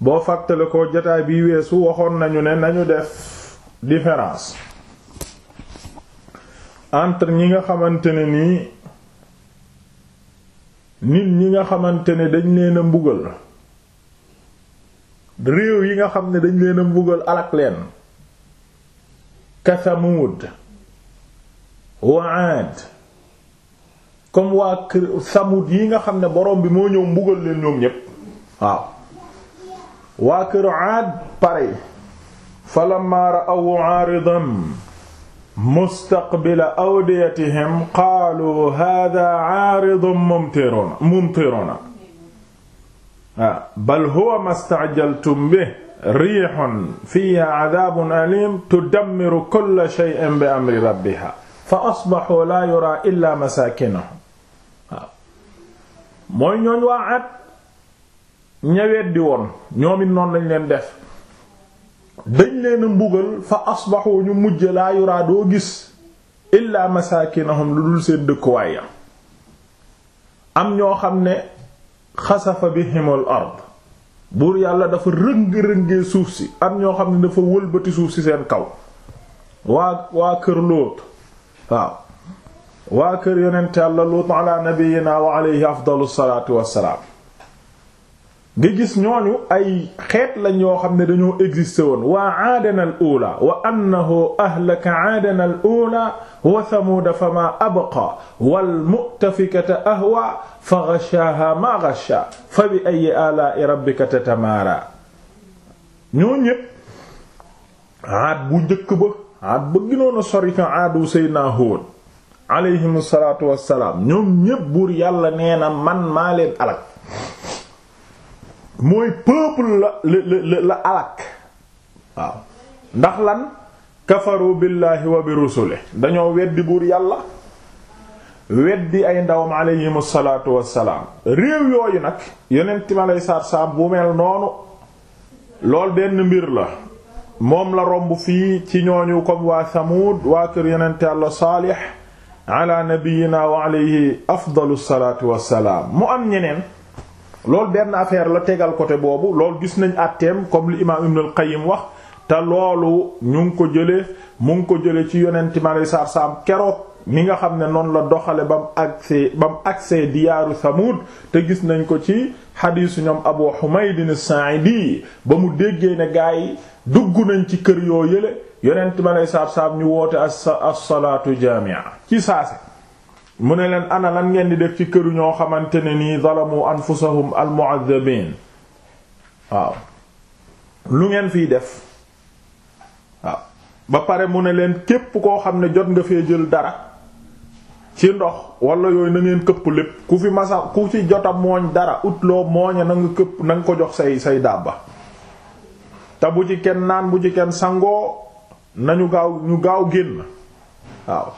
boo fàttale ko jotaay bi weesu waxoon nañu ne nañu def différence entre ñi nga xamante ne nii nit ñi nga xamante ne dañ leen a mbugal réew yi nga xam ne dañ leen a mbugal alak leen kasamud waad comme waa kër samud yi nga xam ne borom bi moo ñëw mbugal leen ñoom ñépp waaw waa kër Aad pare falammaa ra'awu aaridan mustaqbila awdiyatihim qaalu haadaa aaridun mumtiruna mumtiruna ah, bal huwa mastaajaltum bihi riihun fiihaa adaabun aliim tudammiru kulla shay'in bi amri rabbihaa fa asbaxuu laa yuraa illaa masaakinuhum ah. mooy ñooñ waa Aad ñawet di woon ñoom it noonu lañ leen def dañ leen a mbugal fa asbaxu ñu mujj laa yuraa doo gis illaa masaakinahum lu dul seen dëkkuwaay ya am ñoo xam ne xasafa bihimul ard buur yàlla dafa rëng-rëngee suuf si am ñoo xam ne dafa wëlbati suuf si seen kaw waa waa kër Luut waaw waa kër yonent yàlla Luut ala nabiyyina wa afdalu salaatu wassalaam nga gis ñooñu ay xeet lañ yoo xam ne dañoo existé woon waa aadana al wa annahu ahlaka aadana al ula wa thamuuda fa ma abqa wal mu'tafikata ahwa fa ghashaha ma ghasha fa bi ayyi alaa'i rabbika tatamaara ñoo ñépp aad bu njëkk ba aad ba ginoon a sori ko aadu sayna salaatu wassalaam ñoom ñépp buur yàlla nee na man maa leen alak mooy peuple la la la alak waaw ndax lan kafaru billahi wa bi rusule dañoo weddi buur yàlla weddi ay ndawam aleyhim salaatu wassalaam réew yooyu nag yonent mi alay saar bu mel noonu lool benn mbir la moom la romb fii ci ñooñu comme waa Samuud waa kër yonent yàlla Saalix ala afdalu salaatu wassalaam mu am ñeneen loolu benn affaire la tegal côté boobu lool gis nañ àtteem comme li imaam Ibn al-Qayyim wax te loolu ñu ngi ko jëlee mu ngi ko jëlee ci yonenti ma lay sar saam keroog ni nga xam ne noonu la doxale ba mu agsee ba mu agsee diyaaru Samuud te gis nañ ko ci xadiisu ñoom Abu Humayd as-Saa'idi ba mu déggee ne gaa yi dugg nañ ci kër yoo yële yonenti ma lay sar saam ñu woote as as-salaatu jaami'a ci saase. mu ne leen ana lan ngeen di def ci këru ñoo xamante ne nii zalamu anfusahum almu'azzabin waaw lu ngeen fiy def waaw ba pare mu ne leen képp koo xam ne jot nga fee jël dara ci ndox walla yooyu na ngeen këpp lépp ku fi masa ku ci jota mooñ dara ut loo mooñe këpp na ko jox say say dàbba te bu ci kenn naan bu ci kenn sangoo nañu gaaw ñu gaaw génn waaw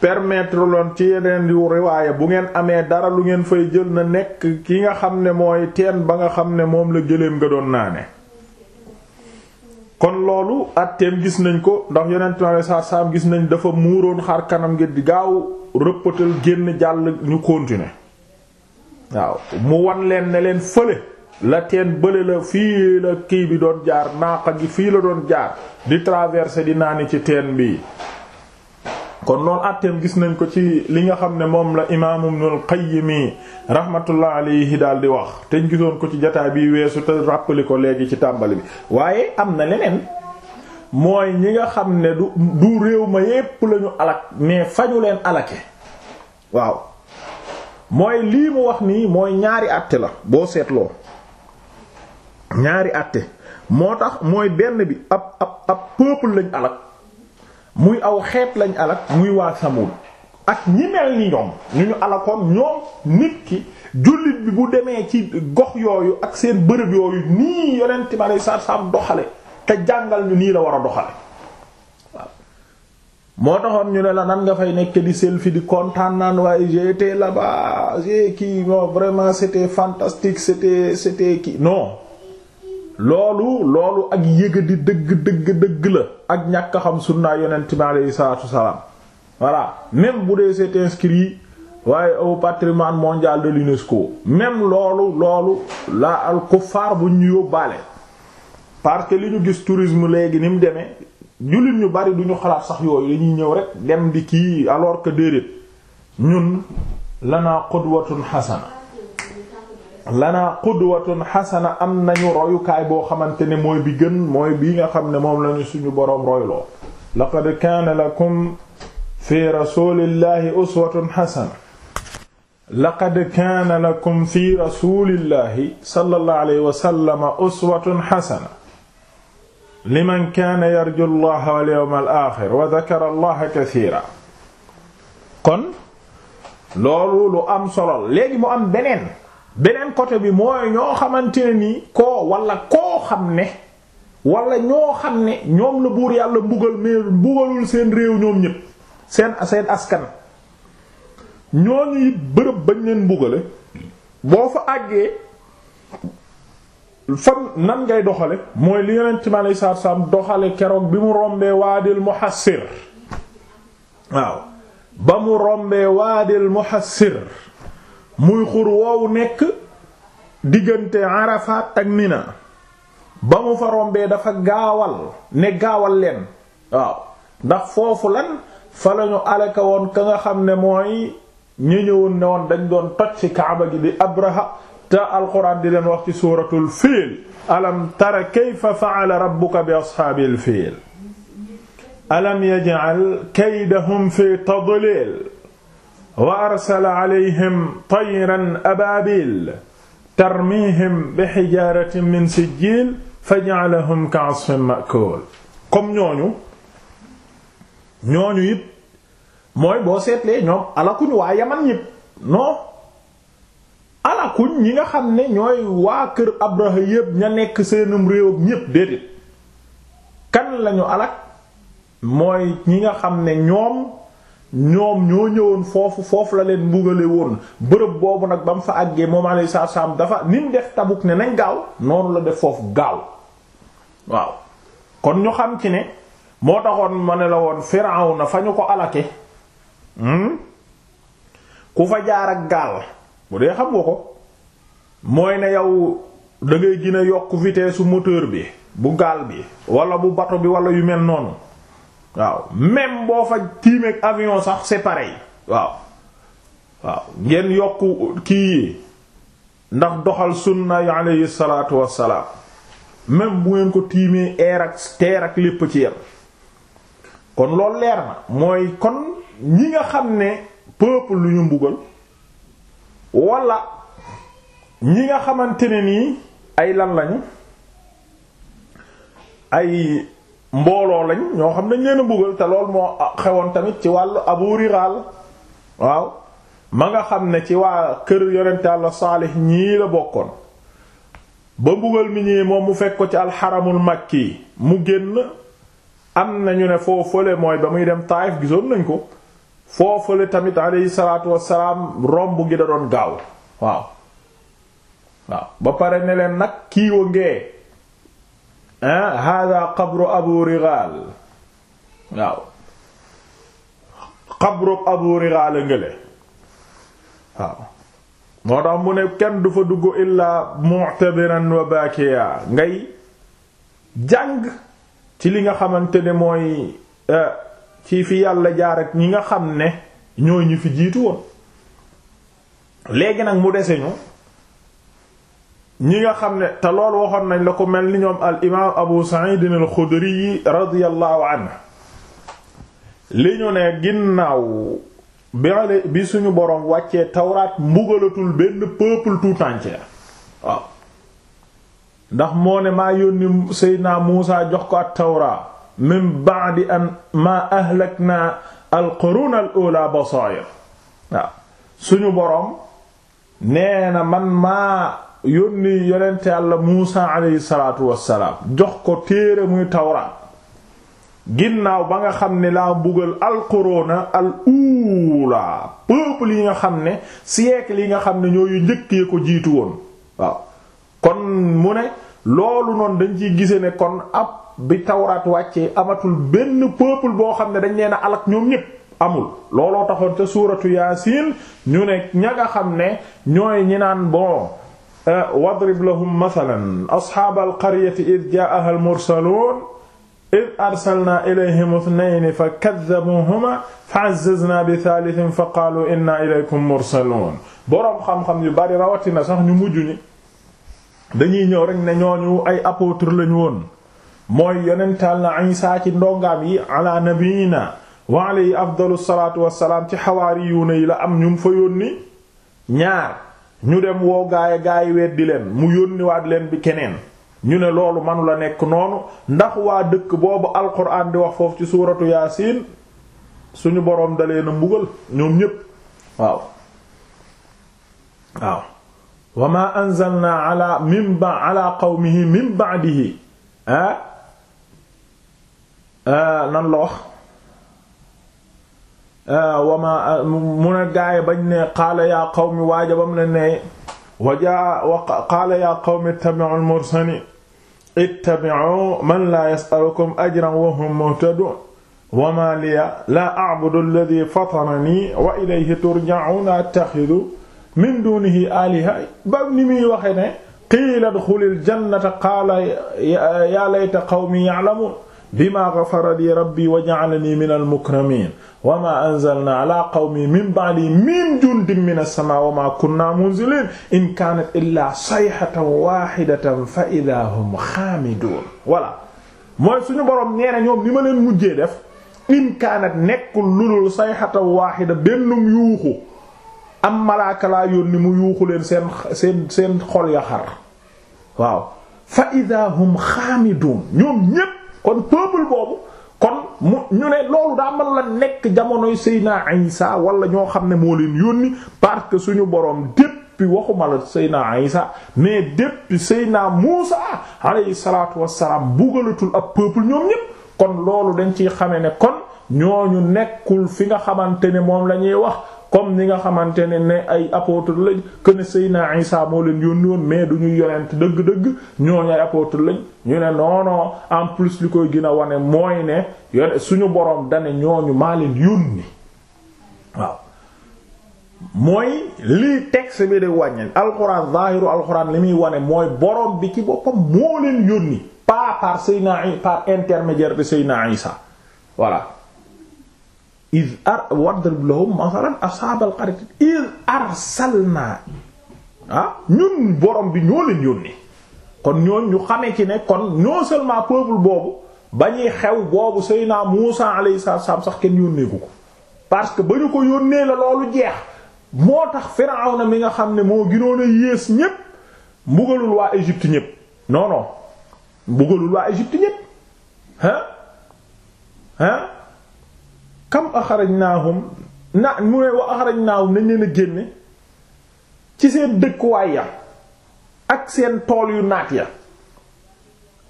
permettre loon ci yeneen yu riwaaya bu ngeen amee dara lu ngeen fay jël na nekk ki nga xam ne mooy teen ba nga xam ne moom la gëléem nga doon naane kon loolu atteem gis nañ ko ndax yonent mi saa saam gis nañ dafa muuroon xar kanam gi di gaaw rëppatal génn jàll ñu continuer waaw mu wan leen ne leen fële la teen bële la fii la kii bi doon jaar naaqa gi fii la doon jaar di traverser di naani ci teen bii kon loolu àtteem gis nañ ko ci li nga xam ne moom la imaam Ibnul Qayyim rahmatullah alayhi daal di wax te ñu ko ci jotaay bi weesu te rappelé ko léegi ci tàmbali bi waaye am na leneen mooy ñi nga xam ne du du réew ma yépp la ñu alak mais fañu leen alake waaw mooy lii mu wax nii mooy ñaari àtte la boo seetloo ñaari àtte moo tax mooy benn bi ab ab ab peuple lañ alak muy aw xeet lañ alak muy waa Samud ak ñi mel ni ñoom ñu ñu alakoon ñoom nit ki jullit bi bu demee ci gox yooyu ak seen bërëb yooyu nii yonent ma lay sar sam doxale te jàngal ñu nii la war a doxale waaw moo taxoon ñu ne la nan nga fay nekk di selfie di kontaan naan waaye j'étais là-bas j'ai kii non vraiment c'était fantastique c'était c'était kii non loolu loolu ak yéga di dëgg dëgg dëgg la ak ñàkk xam sunnaa yonent bi aleyhi salaatu salaam voilà même bu dee c'est inscrit waaye au patrimoine mondial de l'UNESCO même loolu loolu la al bu ñu yóbbaale parce li ñu gis tourisme léegi ni mu demee jullit ñu bari duñu xalaat sax yooyu dañuy ñëw rek dem di kii alors que déedéet ñun lanaa qudwatun hasana lana qudwatun xasana am nañu royukaay boo xamante ne mooy bi gën mooy bi nga xam ne moom lañu suñu boroom royloo laqad kaana lakum fi rasulillahi uswatun xasana laqad kaana lakum fi rasulillahi sallallahu alayhi wa sallam uswatun xasana liman kaana yarju allaha wal yawmal aaxir wa dakara allaha kasiira kon loolu lu am solo léegi mu am beneen beneen côté bi mooy ñoo xamante ne nii koo wala koo xam ne wala ñoo xam ne ñoom la buur yàlla mbugal mais mbugalul seen réew ñoom ñëpp seen seen askan ñooñu it bërëb bañ leen mbugale boo fa àggee fan nan ngay doxale mooy li yonent mi alayhi salaatu salaam doxale keroog bi mu rombee waadil muhassir waaw ba mu rombee waadil muhassir muy xur woowu nekk diggante Arafat ak Mina ba mu fa rombee dafa gaawal ne gaawal leen waaw ndax foofu lan fa lañu alaka woon ka nga xam ne mooy ñu ñëwul ne woon dañ doon toj ci kaaba gi di Abraha te alquran di leen wax ci suuratul fiil alam tara kayfa fa'ala rabbuka bi ashaabil fiil alam yaj'al kaydahum fi tadlil wa arsala alayhim tayran ababil tarmihim bi xijaratin min sijil fa ñooñu it mooy boo seetlee ñoom waa yaman ñëpp non alakuñ ñi nga xam ne ñooy waa kër Abraha yëpp ña nekk seenum réew ak déedéet kan lañu alak mooy ñi nga xam ne ñoom ñoom ñoo ñëwoon foofu foofu la leen mbugale woon bërëb boobu nag ba mu fa àggee moom alayhi salaam dafa ni mu def Tabuk ne nañ gaaw noonu la def foofu gaaw waaw kon ñu xam ci ne moo taxoon ma ne la woon Firawna fa ñu ko alake hmm? ku fa jaar ak gaal bu dee xam nga ko mooy ne yow dangay ngay yokk vitesse su moteur bi bu gaal bi wala bu bato bi wala yu mel noonu waaw même boo fa tiimeeg avion sax c'est pareil waaw waaw ngeen yokk kii ndax doxal sunna yi alayhi salaatu wassalaam même bu ngeen ko tiimee air ak terre ak lépp ci yem kon loolu leer na mooy kon ñi nga xam ne peuple lu ñu mbugal wala ñi nga xamante ne nii ay lan lañu ay mbooloo lañ ñoo xam ne dañ leen a mbugal te lool moo xewoon tamit ci wàllu abu riraal waaw ma nga xam ne ci waa kër yonent Yàlla saalix ñii la bokkoon ba mbugal mi ñëwee moom mu fekk ko ci alxaramul makki mu génn am nañu ne foofale mooy ba muy dem Taayif gisoon nañ ko foofale tamit alayhi salaatu wassalaam romb gi da doon gaaw waaw waaw ba pare ne nag kiiwa ngee Eh, hada qabru abu rigal waaw qabru abu rigal a ngële waaw moo tax mu ne kenn du fa dugg illaa mu'tabiran wa bakiya ngay jàng ci li nga xamante ne mooy eh, ci fi yàlla jaar ñi nga xam ne ñoo ñi fi jiitu woon léegi nag mu dese ñi nga xam ne te loolu waxoon nañ la ko mel ni ñoom al imaam abu sa'id al-xudri yi radiyallahu anhu li ñu ne ginnaaw bi suñu boroom wàccee tawraat mbugalatul benn peuple tout entier waaw ndax moo ne maa yónni seydna muusa jox ko ak tawraa min ba'di an maa ahlakna al qurun al ula basair waaw suñu boroom nee na man maa yónni yonente yàlla Muusa alayhi salaatu wassalaam jox ko téere muy tawraat ginnaaw ba nga xam ne laa mbugal alqurona al uula peuple yi nga xam ne siècle yi nga xam ne ñooyu njëkkee ko jiitu woon waaw mu ne loolu noonu dañ ciy gise ne kon ab bi tawraat wàccee amatul benn peuple boo xam ne dañ leen a ñoom ñépp amul looloo taxoon ca suuratu ñu ne ña xam ne ñooy ñi naan bon Eh, wadrib lahum mathalan asxaabal qaryati id jaa'ahaa al-mursaluun id arsalnaa ilayhim ithnayni fakazzabuuhumaa fa'azzaznaa bithaalithin faqaaluu innaa ilaykum mursaluun boroom xam-xam yu bari rawatina sax ñu mujj ñi dañuy ñëw rek ne ñooñu ay apôtre lañu woon mooy yonental na Isaa ci ndongaam yi ala nabiina wa alayhi afdalu salaatu wassalaam ci xawaariyuuna yi la am ñu fa yónni ñaar. ñu dem woo gaay gaay weddi leen mu yónniwaat leen bi keneen ñu ne loolu manu la nekk noonu ndax waa dëkk boobu alquran di wax foofu ci suuratu yaasiin suñu boroom dalee na mbugal ñoom ñépp waaw waaw wa ma anzalna ala min ba ala qawmihi min ba'dihi ah, ah nan la wax Ah, wama ah, mu ne gaay bañ ne qaala yaa qawmi waajabam ne ne wajaa qaala yaa qawmi ittabi'u al-mursalin ittabi'u man laa yas'alukum ajran wa hum muhtadun wama liya laa a'budu alladhi fatarani wa ilayhi turja'un attakhidhu min dunihi aliha ba ni muy waxe ne qiila udkhulil jannata qaala yaa layta qawmi ya'lamun bima ghafara li rabbi wa ja'alani minal mukramin wa ma anzalna ala qawmi min ba'di min jundin minas samaa wa ma kunna munzilin in kanat illa sayhatan wahidatan fa idha hum khamidun voilà mooy suñu borom nee na ñoom ni ma leen mujjee def in kanat nekkul lulul sayhatan wahida bennum yuuxu am malaaka laa yónni mu yuuxu leen seen seen seen xol ya xar waaw fa idha hum khamidun ñoom ñépp kon peuple boobu kon mu ñu ne loolu daa man la nekk jamonoy Seyna Isa wala ñoo xam ne moo leen yónni parce que suñu borom depuis waxuma la Seyna Isa mais depuis Seyna Muusa alayhi salaatu wassalaam bugalatul ab peuple ñoom ñépp kon loolu dañ ci xame ne kon ñooñu nekkul fi nga xamante ni moom la ñuy wax comme ni nga xamante ne ne ay apôtre lañ que sëy na Isa moo leen yónni woon mais du ñuy yonent dëgg-dëgg ñooñu ay apôtre lañ ñu ne non en plus li koy gën a wane mooy ne suñu boroom dane ñooñu maa leen yónni waaw mooy lii texte bi di wàññi alxuraan zahiru alxuraan li muy wane mooy boroom bi ci boppam moo leen yónni pas par Seyna par intermédiaire de Seyna Isa voilà iz ar wadrib lahum masalan ashaabal qaryati iz arsalnaa ah ñun borom bi ñoo leen yónnee kon ñooñ ñu xamee ci ne kon non seulement peuple boobu ba ñuy xew boobu Seydina Muusa alayhi salaam sax kenn yónneeku ko parce que ba ñu ko yónnee la loolu jeex moo tax Firawna mi nga xam ne moo ginoon yées ñépp mbugalul waa Égypte ñépp non non mbugalul waa Égypte ñépp hein hein kam axrajnaahum na mu ne wa axrajnaahum nañ leen a génne ci seen dëkkuwaay ya ak seen tool yu naat ya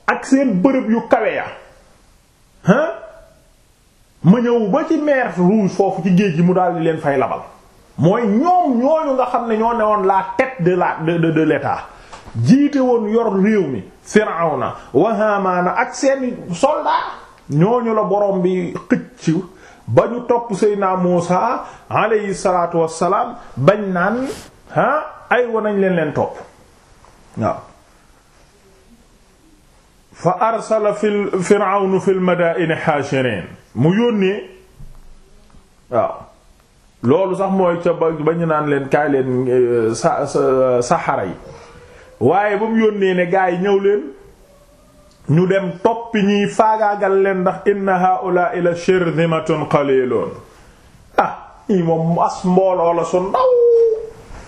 ak seen bërëb yu kawe ya hein ma ba ci mer rouge foofu ci géej gi mu daal di leen fay labal mooy ñoom ñooñu nga xam ne ñoo ne woon la tête de la de de l'État jiite woon yor réew mi Firawna wa Haamaana ak seen soldat ñooñu la borom bi xëcc ba ñu topp Seydina Muusa alayhi salaatu wassalaam bañ naan ah ay wanañ leen leen topp waaw fa arsala fil firawnu fil madaa'ini haashirin mu yónnee waaw loolu sax mooy ca ba ñu naan leen kaay leen eh, sa sa saxara yi waaye ba mu yónnee ne gaa yi ñëw leen ñu dem toppi ñiy faagaagal leen ndax inna haa'ulaa'i la shirzimatun qaliilun ah ñii moom as mbooloo la su ndaw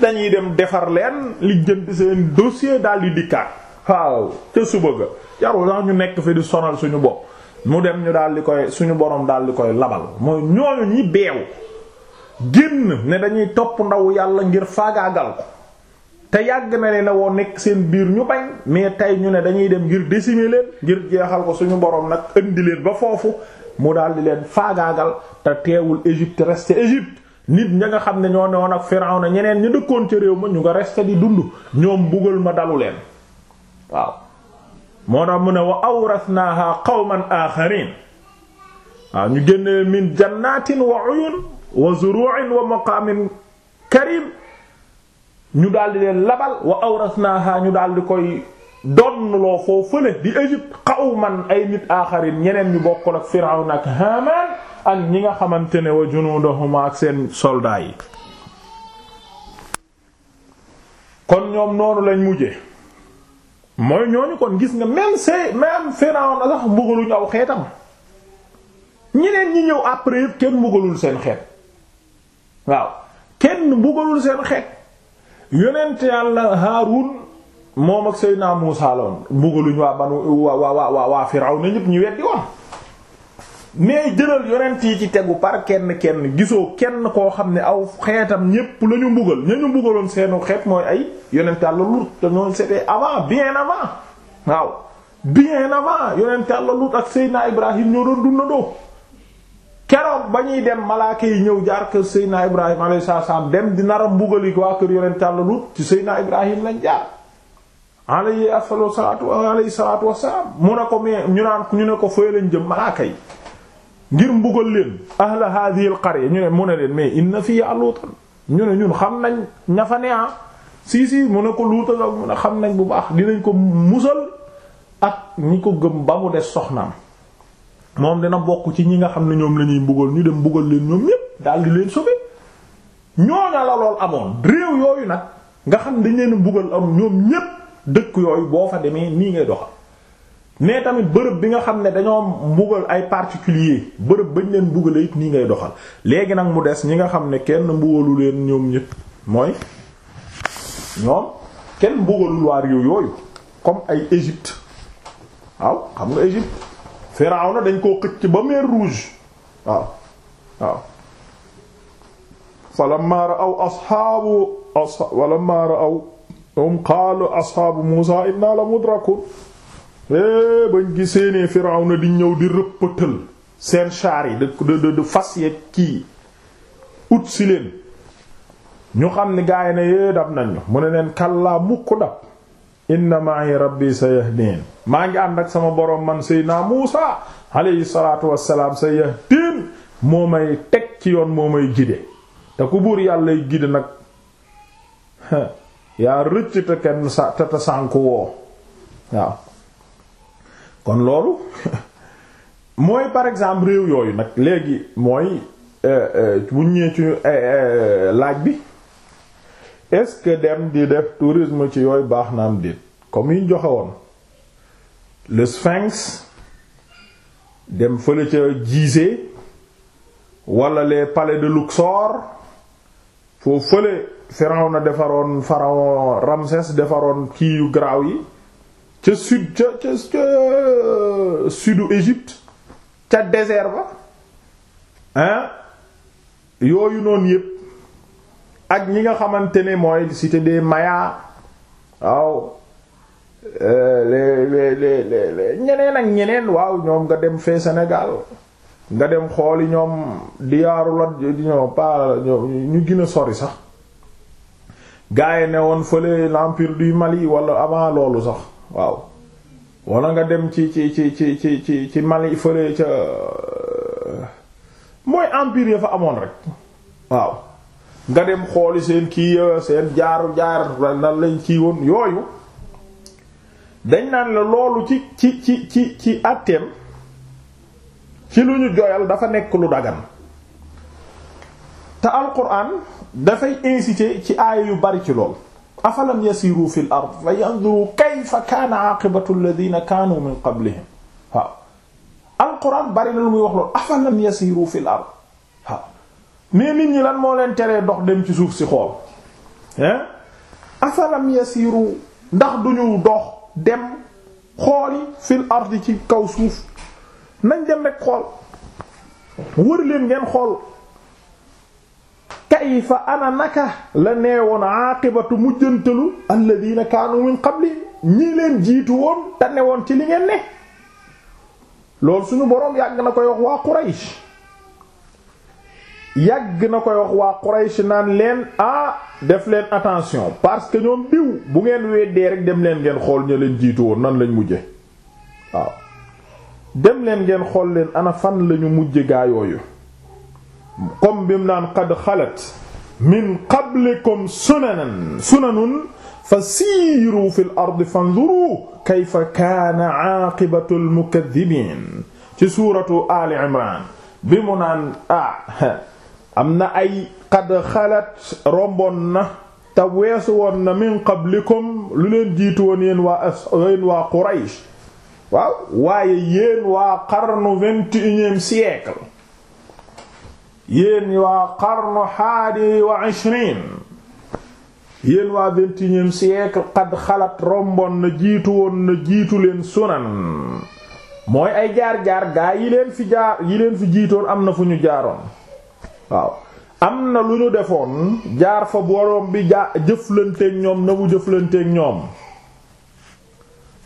dañuy dem defar leen li jënd seen dossier daal di dikkaat waaw ca suba ga jarul sax ñu nekk fi di sonal suñu bopp mu dem ñu daal di koy suñu borom daal di koy labal mooy ñooñu ñi beew génn ne dañuy topp ndaw yàlla ngir faagaagal ko te yàgg na leen a woo nekk seen biir ñu bañ mais tey ñu ne dañuy dem ngir décimer leen ngir jeexal ko suñu boroom nag indi leen ba foofu mu daal di leen faagaagal te teewul Égypte reste Égypte nit ña nga xam ne ñoo newoon ak Firawna ñeneen ñu dëkkoon ca réew ma ñu nga reste di dund ñoom bugal ma dalu leen waaw moo tax mu ne wa awrasnaha qawman akharin waaw ñu génne min jannatin wa uyun wa zuru'in wa maqamin karim ñu daldi leen labal wa awrasnaha ñu daldi koy donnloo foo fële di Égypte qawman ay nit aaxarin ñeneen ñu bokkul ak Firawna ak Haamaan ak ñi nga xamante ne wa junuudahuma ak seen soldats yi kon ñoom noonu lañ mujje mooy ñooñu kon gis nga même c'est même Firawna sax mbugaluñ aw xeetam ñeneen ñi ñëw après yëpp kenn mbugalul seen xeet waaw kenn mbugalul seen xeet yonent yàlla Haarun moom ak Seydina Muusaa la woon mbugaluñ waa banu waa waa waa waa Firawna ñépp ñu weddi woon mais jëlal yonent yi ci tegu par kenn kenn gisoo kenn koo xam ne aw xeetam ñépp lañu ñu mbugal ña ñu mbugaloon seenu xeet mooy ay yonent yàlla Luut te ñoom c'était avant bien avant waaw bien avant yonent yàlla Luut ak Seydina Ibrahim ñoo doon dundandoo keroog ba ñuy dem malaaka yi ñëw jaar kër Seydina Ibrahim alayhi salaam dem di nara mbugali waa kër yonent Yàlla Luut ci Seydina Ibrahim lañ jaar alayhi afdalu salaatu alayhi salaatu wassalaam mu ne ko mais ñu naan ñu ne ko fooy lañ jëm malaaka yi ngir mbugal leen ahla hadhihi al-qarya ñu ne mu ne leen mais na fii aluutan ñu ne ñun xam nañ ña fa ne ah si si mu ne ko luuta nga mu ne xam nañ bu baax dinañ ko musal ak ñi ko gëm ba mu des soxnaam moom dina bokk ci ñi nga xam ne ñoom la ñuy mbugal ñu dem mbugal leen ñoom ñépp daal di leen sauver ñooña la lool amoon réew yooyu nag nga xam dañu leen mbugal am ñoom ñépp dëkk yooyu boo fa demee nii ngay doxal mais tamit bërëb bi nga xam ne dañoo mbugal ay particulier bërëb bañ leen mbugale it nii ngay doxal léegi nag mu des ñi nga xam ne kenn mbugalu leen ñoom ñépp mooy ñoom kenn mbugalul waa réew yooyu comme ay Égypte waaw xam nga Égypte Firawna dañ koo xëcc ba mer rouge waaw waaw falamma ra'aw asxaabu falamma ra'aw hum qaalu asxaabu Muusaa inna la mudrakun eh, bañ gisee ne Firawna di ñëw di rëppëtël seen char yi de de fas yeeg ut si leen ñu xam ni gaay na yee eh, dab nañ mu ne leen kallaa mukk dab inna ma'i rabbi sayahdin maa ngi ànd ak sama boroom man si seydinaa muusa alayhi salaatu wassalaam sayahdin moo may teg ci yoon moo may gide te ku buur yàllay gide nag yaa rëcc te kenn sa te te sànku woo waaw kon loolu mooy par exemple réew yooyu nag léegi mooy eh, eh, bu ci eh, laaj bi est-ce que dem di def tourisme ci yooyu baax na am déet comme yi ñu woon le Sphinx dem fële ca Gizeh wala les palais de Luxor foo fële pharaon na defaroon pharaon Ramsès defaroon kii yu garaaw yi ca sud ca ca ca sudu Égypte ca désert hein yooyu noonu yépp ak ñi nga xamante ne mooy cité des Mayas waaw euh, les les les ñeneen ak ñeneen waaw ñoom nga dem fee senegaal nga dem xooli ñoom diyaaru di ñoo pa ñu gën a sori sax gars yi ne woon fële l'empire du Mali walla avant loolu sax waaw wala nga dem ci ci ci ci ci ci ci Mali fële ca mooy empire ya fa amoon rek waaw nga dem xooli seen kii seen jaaru jaar nan lañ kii woon yooyu dañ naan la loolu ci ci ci ci ci àtteem ci lu ñu joyal dafa nekk lu dagan te alquran dafay inciter ci aaya yu bari ci lool afalam yasiru fil ard fa yanzuru kayfa kaana aqibatu alladhina kaanu min bari na lu muy wax loolu afalam yasiru fil ard mais nit ñi lan moo leen teree dox dem ci suuf si xool hein afalam yasiru ndax ñu dox dem xooli fil ardi ci kaw suuf nañ dem rek xool wër leen ngeen xool fa ana naka la neewoon aqibatu mujjantalu alladina kaanu min li ñi leen jiitu woon tane woon ci li ngeen ne loolu suñu boroom yàgg na koy wax waa Quraysh yàgg na koy wax waa Quraysh naan leen ah def leen attention parce que ñoom diw bu ngeen weddee rek dem leen ngeen xool ñu leen jiitu nan lañ mujje waaw dem leen ngeen xool leen ana fan lañu mujje gaa yooyu comme bi mu naan qad xalat min qablikum sunanan sunanun fa siiru fil ardi fanzuru kayfa kaana aaqibatul mukaddibiin ci suuratu aali imraan bi mu naan ah am na ay qad xalat romboon na te weesu woon na min qablikum lu leen jiitu woon yéen waa as yéen waa Quraysh waaw waaye yéen waa qarnu vingt et waa qarnu haadi wa ishrin yéen waa vingt-et-unième qad xalat romboon na jiitu woon na jiitu leen sunan mooy ay jaar-jaar gaa yi leen fi jaar yi leen fi jiitoon am na fu ñu jaaroon waaw am na lu ñu defoon jaar fa borom bi jaa jëflanteek ñoom na mu jëflanteek ñoom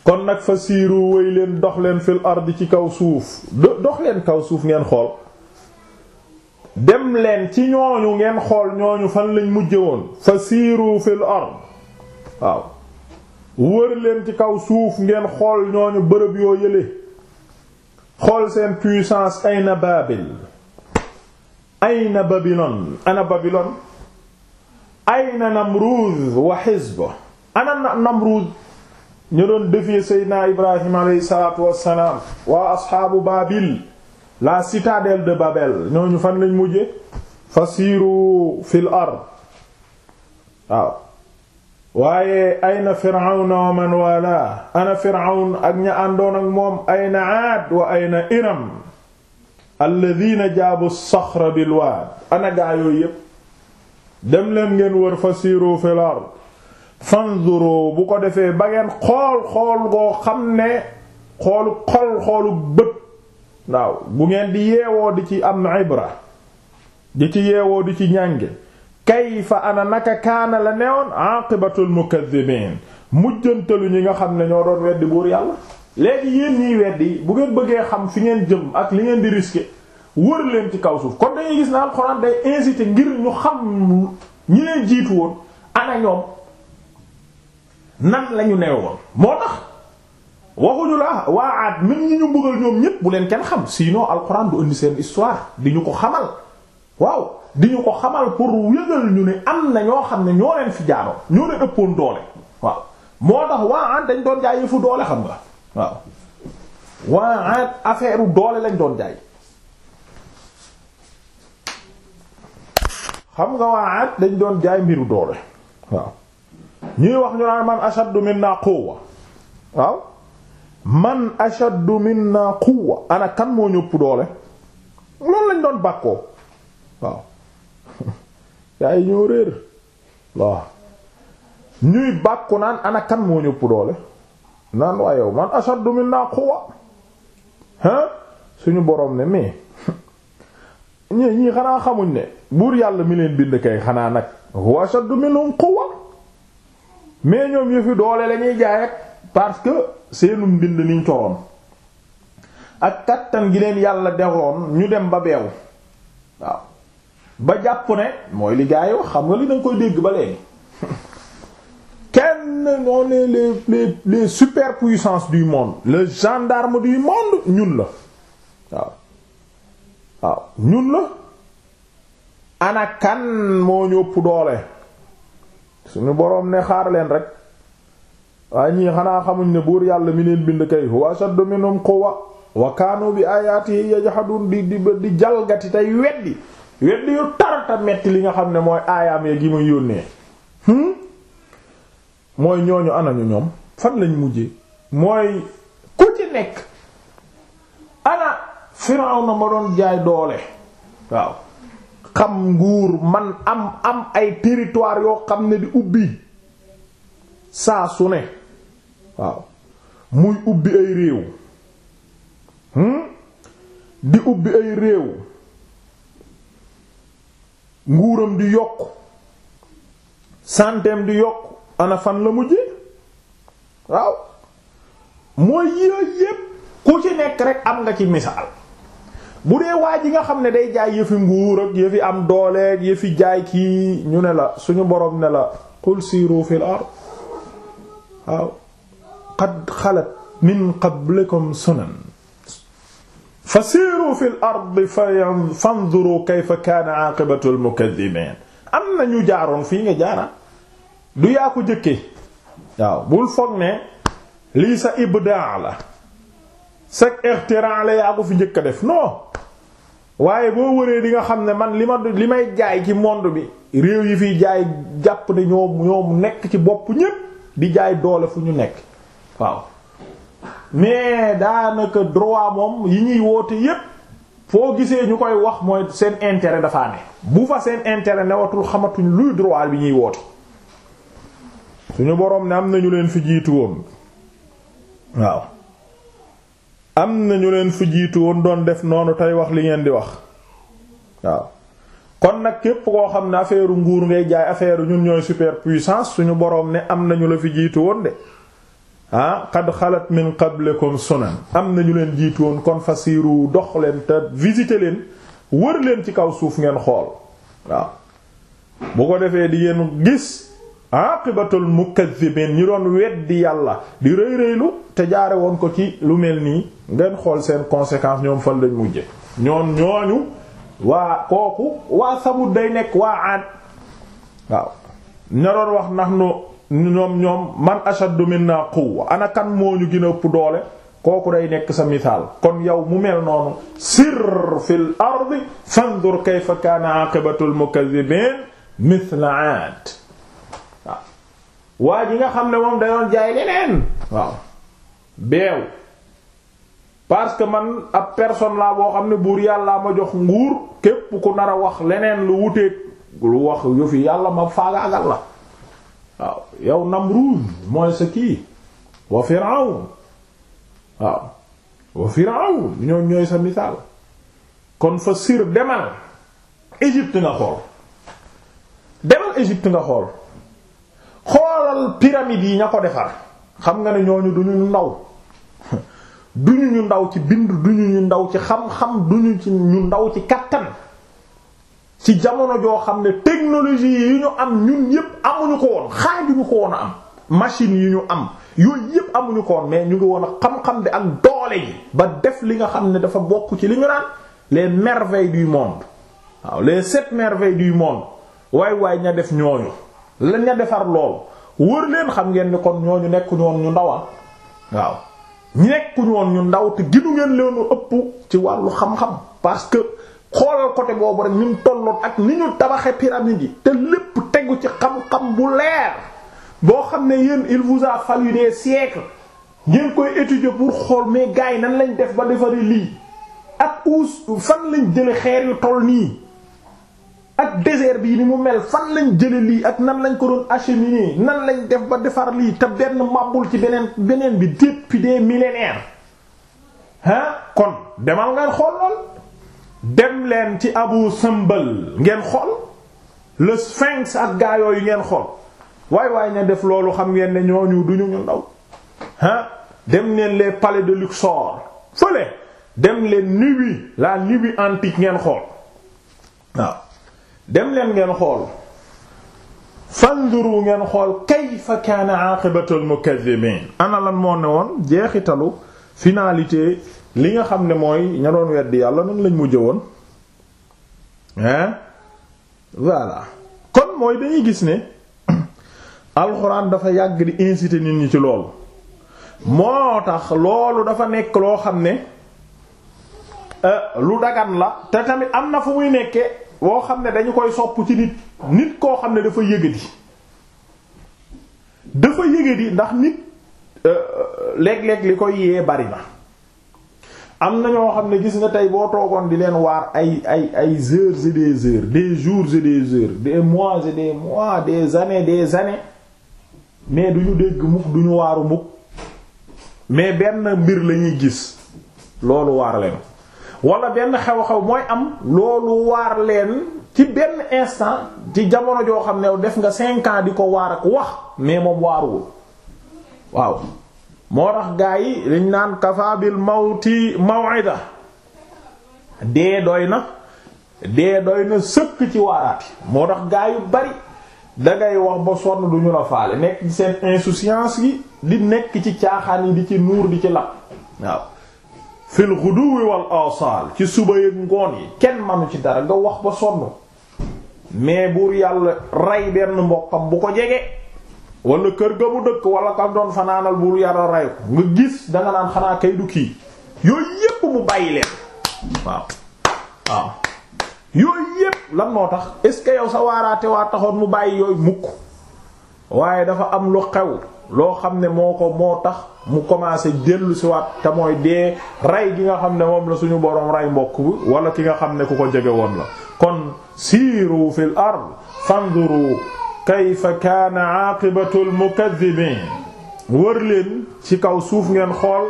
kon nag fa siiru wéy leen dox leen fil ardi ci kaw suuf dox leen kaw suuf ngeen xool dem leen ci ñooñu ngeen xool ñooñu fan lañ mujje woon fa siiru fil ard waaw wër leen ci kaw suuf ngeen xool ñooñu bërëb yoo yële xool seen puissance ay na baabil ayna babilon ana babilon ayna namruud wa xisba ana namruud ñu doon defee seydna ibrahim alayhi salaatu wassalaam waa asxaabu baabil la citadelle de babel ñooñu fan lañ mujje fasiiru fil ard waaw waaye ayna firawna wa man waalaa ana firawn ak ña moom ayna aad wa iram alladina jaabu saxra bilwaad ana gaa yooyu yépp dem leen ngeen wër fa siiru fil ard bu ko defee ba ngeen xool xool goo xam ne xoolu xol xoolu bët waaw bu ngeen di yeewoo di ci am ibra di ci yeewoo di ci ñànge kayfa ana naka kaana la newoon aqibatul mukaddibiin mujjantalu ñi nga xam ne ñoo doon weddi buur yàlla léegi yéen ñiy weddi bu ngeen bëggee xam fi ngeen jëm ak li ngeen di risquer wër leen ci kaw suuf kon dañuy gis na alxuraan day inciter ngir ñu xam ñi leen jiitu woon ana ñoom nan lañu ñu woon moo tax waxuñu la waa aat même ñi ñu mbugal ñoom ñépp bu leen kenn xam sinon alxuraan du indi seen histoire di ñu ko xamal waaw di ñu ko xamal pour yëgal ñu ni am na ñoo xam ne ñoo leen fi jaaroo ñoo leen ëppoon doole waaw moo tax waa aat dañ doon jaay yëfu doole waaw waa en affaire doole lañ doon jaay xam nga waa en dañ doon jaay mbiru doole waaw ñuy wax ñu naan man ashaddu minna quwwa waaw man ashaddu minna quwwa ana moo ñëpp doole loolu lañ doon bàkkoo waaw yaa ñoo réer waaw ñuy bàkku naan ana moo ñëpp doole naan waa yow man ashaddu minna quwwa hein suñu boroom ne mais ñi ñii xanaa xamuñ ne buur yàlla mi leen bind kay xanaa nag huwa ashaddu minhum quwwa mais ñoom yëfi doole lañuy jaay ak parce que seenum mbind niñ coroon ak kattan gi leen yàlla defoon ñu dem ba beew waaw ba jàpp ne mooy li gaa xam nga li danga koy dégg ba léegi kenn ñoo ne les les les superpuissances du monde le gendarme du monde ñun la waaw waaw ñun la ana kan moo ñëpp doole suñu boroom ne xaar leen rek waaye ñii xanaa xamuñ ne buur yàlla mi leen bind kay wa shaddu minhum quwwa wa kaanu bi ayaati yajhadun di di di jalgati tey weddi weddi yu tarata metti li nga xam ne mooy aayaam ya gi yónnee hmm? mooy ñooñu anañu ñoom fan lañ mujjee mooy ku ci nekk ana Firawna ma doon jaay doole waaw xam nguur man am am ay territoire yoo xam ne di ubbi saa su ne waaw muy ubbi ay réew hmm? di ubbi ay réew nguuram di yokk santeem di yokk ana fan la mujje waaw mooy yooyu ku ci nekk rek am nga ci misaal bu dee waa ji nga xam ne day jaay yëfi nguur ak yëfi am dooleeg fi jaay kii ñu ne la suñu boroom ne la qul siiru fil ard waaw qad xalat min qablikum sunan fa siiru fil ard fanzuru kayfa kaana aqibatu al mukaththibin na ñu jaaroon fii nga jaara du yaa ko jëkke waaw bul foog ne lii sa ibdaa la sa ixtiraa la yaa ko fi njëkk a def non waaye boo wëree di nga xam ne man li ma li may jaay ci monde bi réew yi fiy jaay jàpp ne ñoom ñoom nekk ci bopp ñépp di jaay doole fu ñu nekk waaw mais nag droit moom yi ñuy woote yépp foo gisee ñu koy wax mooy seen intérêt dafaa ne bu fa seen intérêt newatul xamatuñ luy droit bi ñuy woote suñu boroom ne am na ñu leen fi jiitu woon am na ñu leen fi jiitu woon doon def noonu tey wax li ngeen di wax waaw kon nag képp koo xam ne affaire nguur ngay jaay affaire ñun ñooy superpuissance suñu boroom ne am na ñu la fi jiitu woon de ah qad xalat min qablikum sunan am na ñu leen jiitu woon kon fasiru dox leen te visiter leen wër leen ci kaw suuf ngeen xool waaw bu ko defee di ngeen gis. aqibatul mukazzibin ñi doon weddi yàlla di rëy rëylu te jaare woon ko ci lu mel nii ngeen xool seen conséquence ñoom fan lañ mujje ñoom ñooñu waa kooku waa Samud day nekk waa Aad waaw ña doon wax nax nu ñoom ñoom man ashaddu minna quwwa ana kan moo ñu gën ëpp doole kooku day nekk sa misaal kon yow mu mel noonu sir fil ardi fanzur kayfa kaana aqibatu al mukazzibin mithla Aad waa ji nga xam ne moom dayoon jaay leneen waaw beew parce que man ab personne laa boo xam ne buur yàlla ma jox nguur képp ku nar a wax leneen lu wuteeg lu wax yu fi yàlla ma faagaagal la waaw yow Namruud mooy sa kii wa Firawn waaw wa Firawn ñoom ñooy sa misaal kon fa sir demal Égypte nga xool demal Égypte nga xool xoolal pyramide yi ña ko defar xam nga ne ñooñu du ñu ndaw duñu ñu ndaw ci bind duñu ñu ndaw ci xam-xam duñu ci ñu ndaw ci kattan ci jamono joo xam ne technologie yi ñu am ñun yépp amuñu ko woon xaajuñu ko woon a am machine yi ñu am yooyu yépp amuñu ko woon mais ñu ngi woon a xam-xam bi ak doole yi ba def li nga xam ne dafa bokk ci li ñu naan les merveilles du monde waaw les sept merveilles du monde waay waay ña def ñooñu lan ña defar lool wër leen xam ngeen ni kon ñooñu nekkuñu woon ñu ndawa ah. waaw nekkuñu woon ñu ndaw te ginu ngeen leen ëpp ci wàllu xam-xam parce que xoolal côté boobu rek ñun tolloon ak ni ñu tabaxe pyramide yi te lépp tegu ci xam-xam bu leer boo xam ne yéen il vous a fallu des siècles ngeen koy étudier pour xool mais gars yi nan lañ def ba defari lii ak uus fan lañ jële xeer yu toll nii ak désert bii ni mu mel fan lañ jële lii ak nan lañ ko doon acheminer nan lañ def ba defar lii te benn màbbul ci beneen beneen bi depuis des millénaires ah kon demal ngeen xool lool dem leen ci Abu Sambal ngeen xool le Sphinx ak gaa yooyu ngeen xool waay waay ña def loolu xam ngeen ne ñooñu duñu ñu ndaw ah dem leen les palais de Luxor fële dem leen Nubie la Nubie antique ngeen xool waaw dem leen ngeen xool jur wu ngeen xool kayfa kaana aqibatul mukazzibin ana lan moo ne woon jeexitalu finalité li nga xam ne mooy ña doon weddi yàlla nan lañ mujje woon hein voilà kon mooy dañuy gis ne alxuraan dafa yàgg di inciter nit ñi ci lool moo tax loolu dafa nekk loo xam ne euh, lu dagan la te tamit am na fu muy nekke woo xam ne dañu koy sopp ci nit nit koo xam ne dafa yëgadi dafa yëgadi ndax nit euh, euh, léeg-léeg li koy yee bari na am na ñoo xam ne gis nga tey boo toogoon di leen waar ay ay ay heures et des heures des jours et des mois et des mois des années des années mais duñu dégg mukk duñu waaru mukk mais benn mbir lañuy gis loolu waar leen wala benn xew-xew mooy am loolu waar leen ci benn instant ci jamono joo xam ne def nga cinq di ko waar ak wax mais moom waaruwul waaw moo tax gaa yi dañ naan kafa bil mawti maw'ida dee doy na dee doy na sëkk ci waaraati moo tax gaa yu bari dangay wax ba sonn duñu la faale nekk ci seen insouciance yi di nekk ci caaxaan yi di ci nuur di ci lap waaw fil xuduwi wal asal ci suba yeeg ngoon yi kenn manu ci dara nga wax ba sonn mais buur yàlla rey benn mbokkam bu ko jege wala kër ga mu dëkk wala ka doon fanaanal buur yàlla rey ko nga gis danga naan xanaa kay du kii yooyu yépp mu bàyyi leen waaw waaw yooyu yépp lan moo tax est ce que yow sa waaraate waa taxoon mu bàyyi yooyu mukk waaye dafa am lu xew loo xam ne moo ko moo tax mu commencé dellu siwaat te mooy dee rey gi nga xam ne moom la suñu boroom rey mbokk bi wala ki nga xam ne ku ko jege woon la kon siiru fil ard fanzuru kayfa kaana aqibatul mukaththibin wër leen ci kaw suuf ngeen xool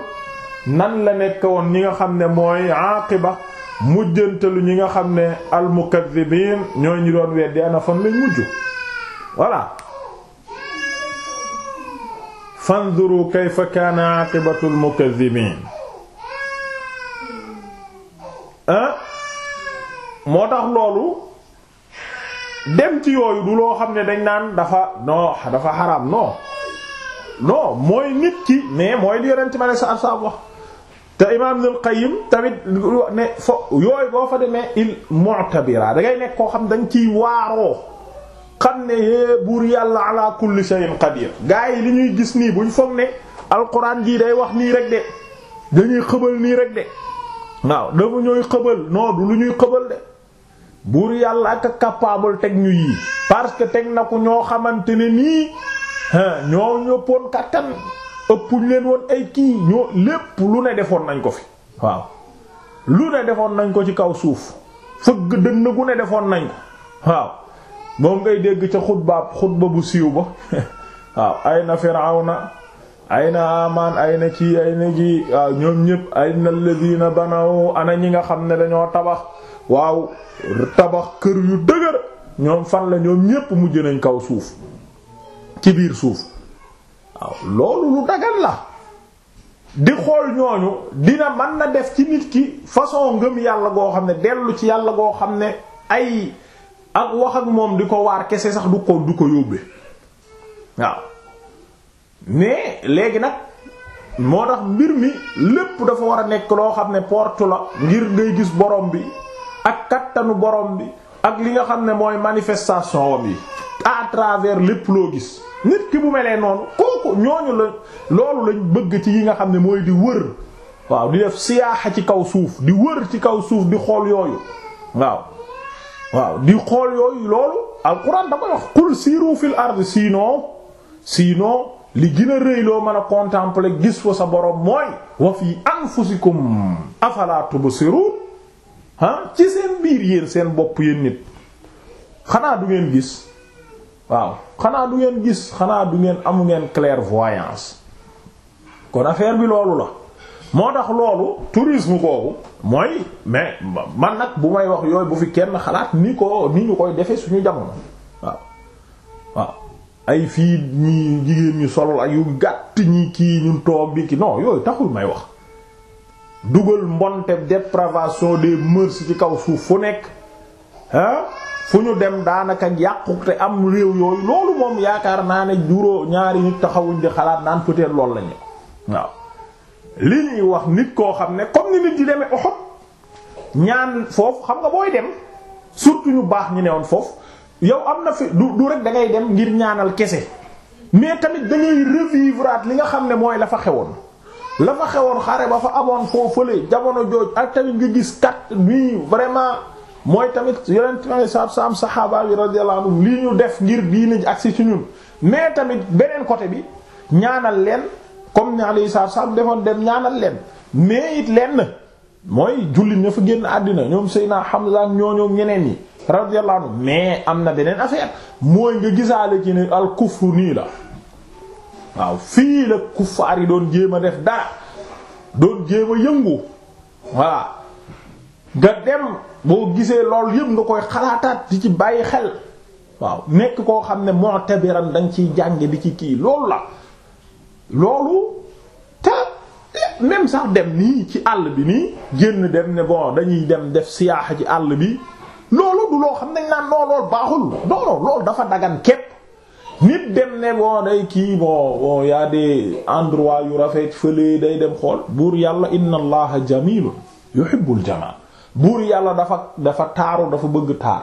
nan la nekk woon ñi nga xam ne mooy aqiba mujjantalu ñi nga xam ne al mukaththibin ñoo ñi doon weddi ana fan lañ mujj voilà fanzuru kayfa kaana aqibatul mukazzibiin ah moo tax loolu dem ci yooyu du loo xam ne dañ naan dafa non dafa xaraam non non mooy nit ki mais mooy li ma ne sa ab wax te imaam Ibnul Qayyim tamit ne fo yooyu boo fa demee il mu'tabira da ngay nekk koo xam dañ ciy waaroo. xam ne é buur yàlla ala kulli shay'in qadir gaa yi li ñuy gis nii buñ foog ne alquran jii day wax nii rek de dañuy xëbal nii rek de waaw dafa ñooy xëbal non lu ñuy xëbal de buur yàlla ak capable teg ñu yii parce que teg na ko ñoo xamante ne nii ñoo kàttan kattan ëppuñ leen woon ay kii ñoo lépp lu ne defoon nañ ko fi waaw lu ne defoon nañ ko ci kaw suuf fëgg dënn gu ne defoon nañ ko waaw moom ngay dégg ca xutbaab xutba bu siiw ba waaw ay na firawna ay na amaan ay na ci ay na waaw ñoom ñépp ay na alladina ana ñi nga xam ne dañoo tabax waaw tabax kër yu dëgër ñoom fan la ñoom ñépp mujj nañ kaw suuf ci biir suuf waaw loolu lu dagan la di xool ñooñu dina mën na def ci nit ki façon ngëm yàlla goo xam ne dellu ci yàlla goo xam ne ay ak wax ak moom di ko waar kese sax du ko du ko yóbbee waaw mais léegi nag moo tax mbir mi lépp dafa war a nekk loo xam ne porte la ngir ngay gis borom bi ak kattanu borom bi ak li nga xam ne mooy manifestation wam yi à lépp loo gis nit ki bu melee noonu kooku ñooñu la loolu lañ bëgg ci yi nga xam ne mooy di wër waaw di def siyaaxa ci kaw suuf di wër ci kaw suuf di xool yooyu waaw waaw di xool yooyu loolu alquran da koy wax qul siiru fil ard sinon sinon li gën a loo mën a contempler gis fa sa boroom mooy wa fi anfusikum bu tubsirun ah ci seen biir yéen seen bopp yéen nit xanaa du ngeen gis waaw xanaa du ngeen gis xanaa du ngeen amu ngeen clairvoyance kon affaire bi loolu la moo tax loolu tourisme boobu mooy mais man nag bu may wax yooyu bu fi kenn xalaat ni ko ni ñu koy defee suñu jamono waaw waaw ay fii ñi jigéen ñu sol ak yu gàtt ñi kii ñun toog bi ki non yooyu taxul may wax dugal mbonte dépravation des mœurs ci kaw suuf fu nekk ah fu ñu dem daanaka yàqu te am réew yooyu loolu moom yaakaar naa ne juróom ñaari nit taxawuñ di xalaat naan peut-être loolu lañu waaw li ñuy wax nit koo xam ne comme ni nit di demee Uhud ñaan foofu xam nga booy dem surtout ñu baax ñu ne woon foofu yow am na fi du du rek da ngay dem ngir ñaanal kese mais tamit da ngay revivre at li nga xam ne mooy la fa xewoon. la fa xewoon xare ba fa amoon foofule jamono jooj ak tamit nga gis kat bi vraiment mooy tamit yonent sa am saxaaba yi radiyallahu anhum lii ñu def ngir diine ji ak si ci ñun mais tamit beneen côté bi ñaanal leen. comme ni alayhi salaam defoon dem ñaanal leen mais it lenn mooy jullit ña fa génn àddina ñoom Seydina Hamza ñoo ñoom ñeneen yi radiyallahu anhu mais am na beneen affaire mooy nga gisaale ci ne al kufru nii la waaw fii la kuffaar yi doon jéem a def daa doon jéem a yëngu voilà nga dem boo gisee lool yëpp nga koy xalaataat di ci bàyyi xel waaw nekk koo xam ne mu'tabiran danga ciy jànge di ci kii loolu la loolu te eh, même sax dem nii ci àll bi nii génn dem ne bon dañuy dem def siyaaxa ci àll bi loolu du loo xam nañ naan non loolu baaxul non loolu dafa dagan képp nit dem ne bon day kii bon bon y a yu rafet fële day dem xool buur yàlla inna allaha jamilun yuhibbul jamal buur yàlla dafa dafa taaru dafa bëgg taar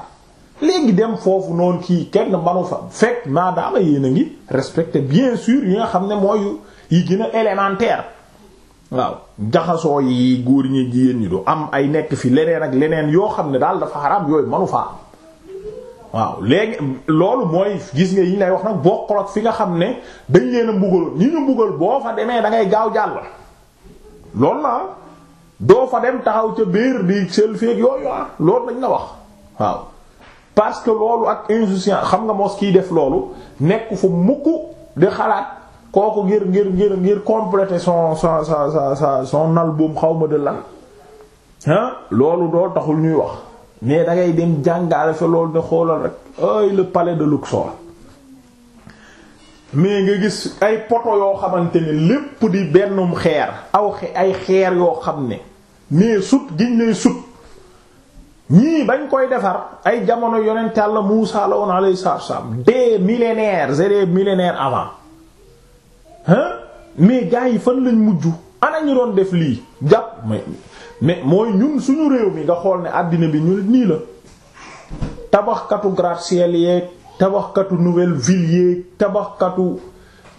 léegi dem foofu noonu kii kenn manu fa fekk maadaama yéen a ngi respecté bien sûr yi nga xam ne mooy yi gën a élémentaire waaw jaxasoo yi góor ñi jigéen ñi du am ay nekk fi leneen ak leneen yoo xam ne daal dafa xaraam yooyu manu faa waaw léegi loolu mooy gis nga yi lay wax nag bokkul ak fi nga xam ne dañ leen a mbugal ñi ñu mbugal boo fa demee da ngay gaaw jàll loolu na doo fa dem taxaw ca biir di selfie ak yooyu ah loolu lañ la wax waaw parce que loolu ak insouciance xam nga mos kiy def loolu nekk fu mukk di xalaat kooku ngir ngir ngir ngir compléter son son son son son album xaw ma de lan ah loolu doo taxul ñuy wax mais da ngay dem jàngale fa loolu de xoolal rek ay le palais de Luxor mais nga gis ay poto yoo xamante ne lépp di bennum xeer aw ay xeer yoo xam ne mais sut giñ lay sut ñii bañ koy defar ay jamono yonent Yàlla Muusaa la woon alayhi salaam des millénaires et des millénaires avant hein mais gars yi fan lañ mujj ana ñu doon def lii jàpp mais mais mooy ñun suñu réew mi nga xool ne àddina bi ñu nii la tabaxkatu gratte-ciel yeeg tabaxkatu nouvelle ville yeeg tabaxkatu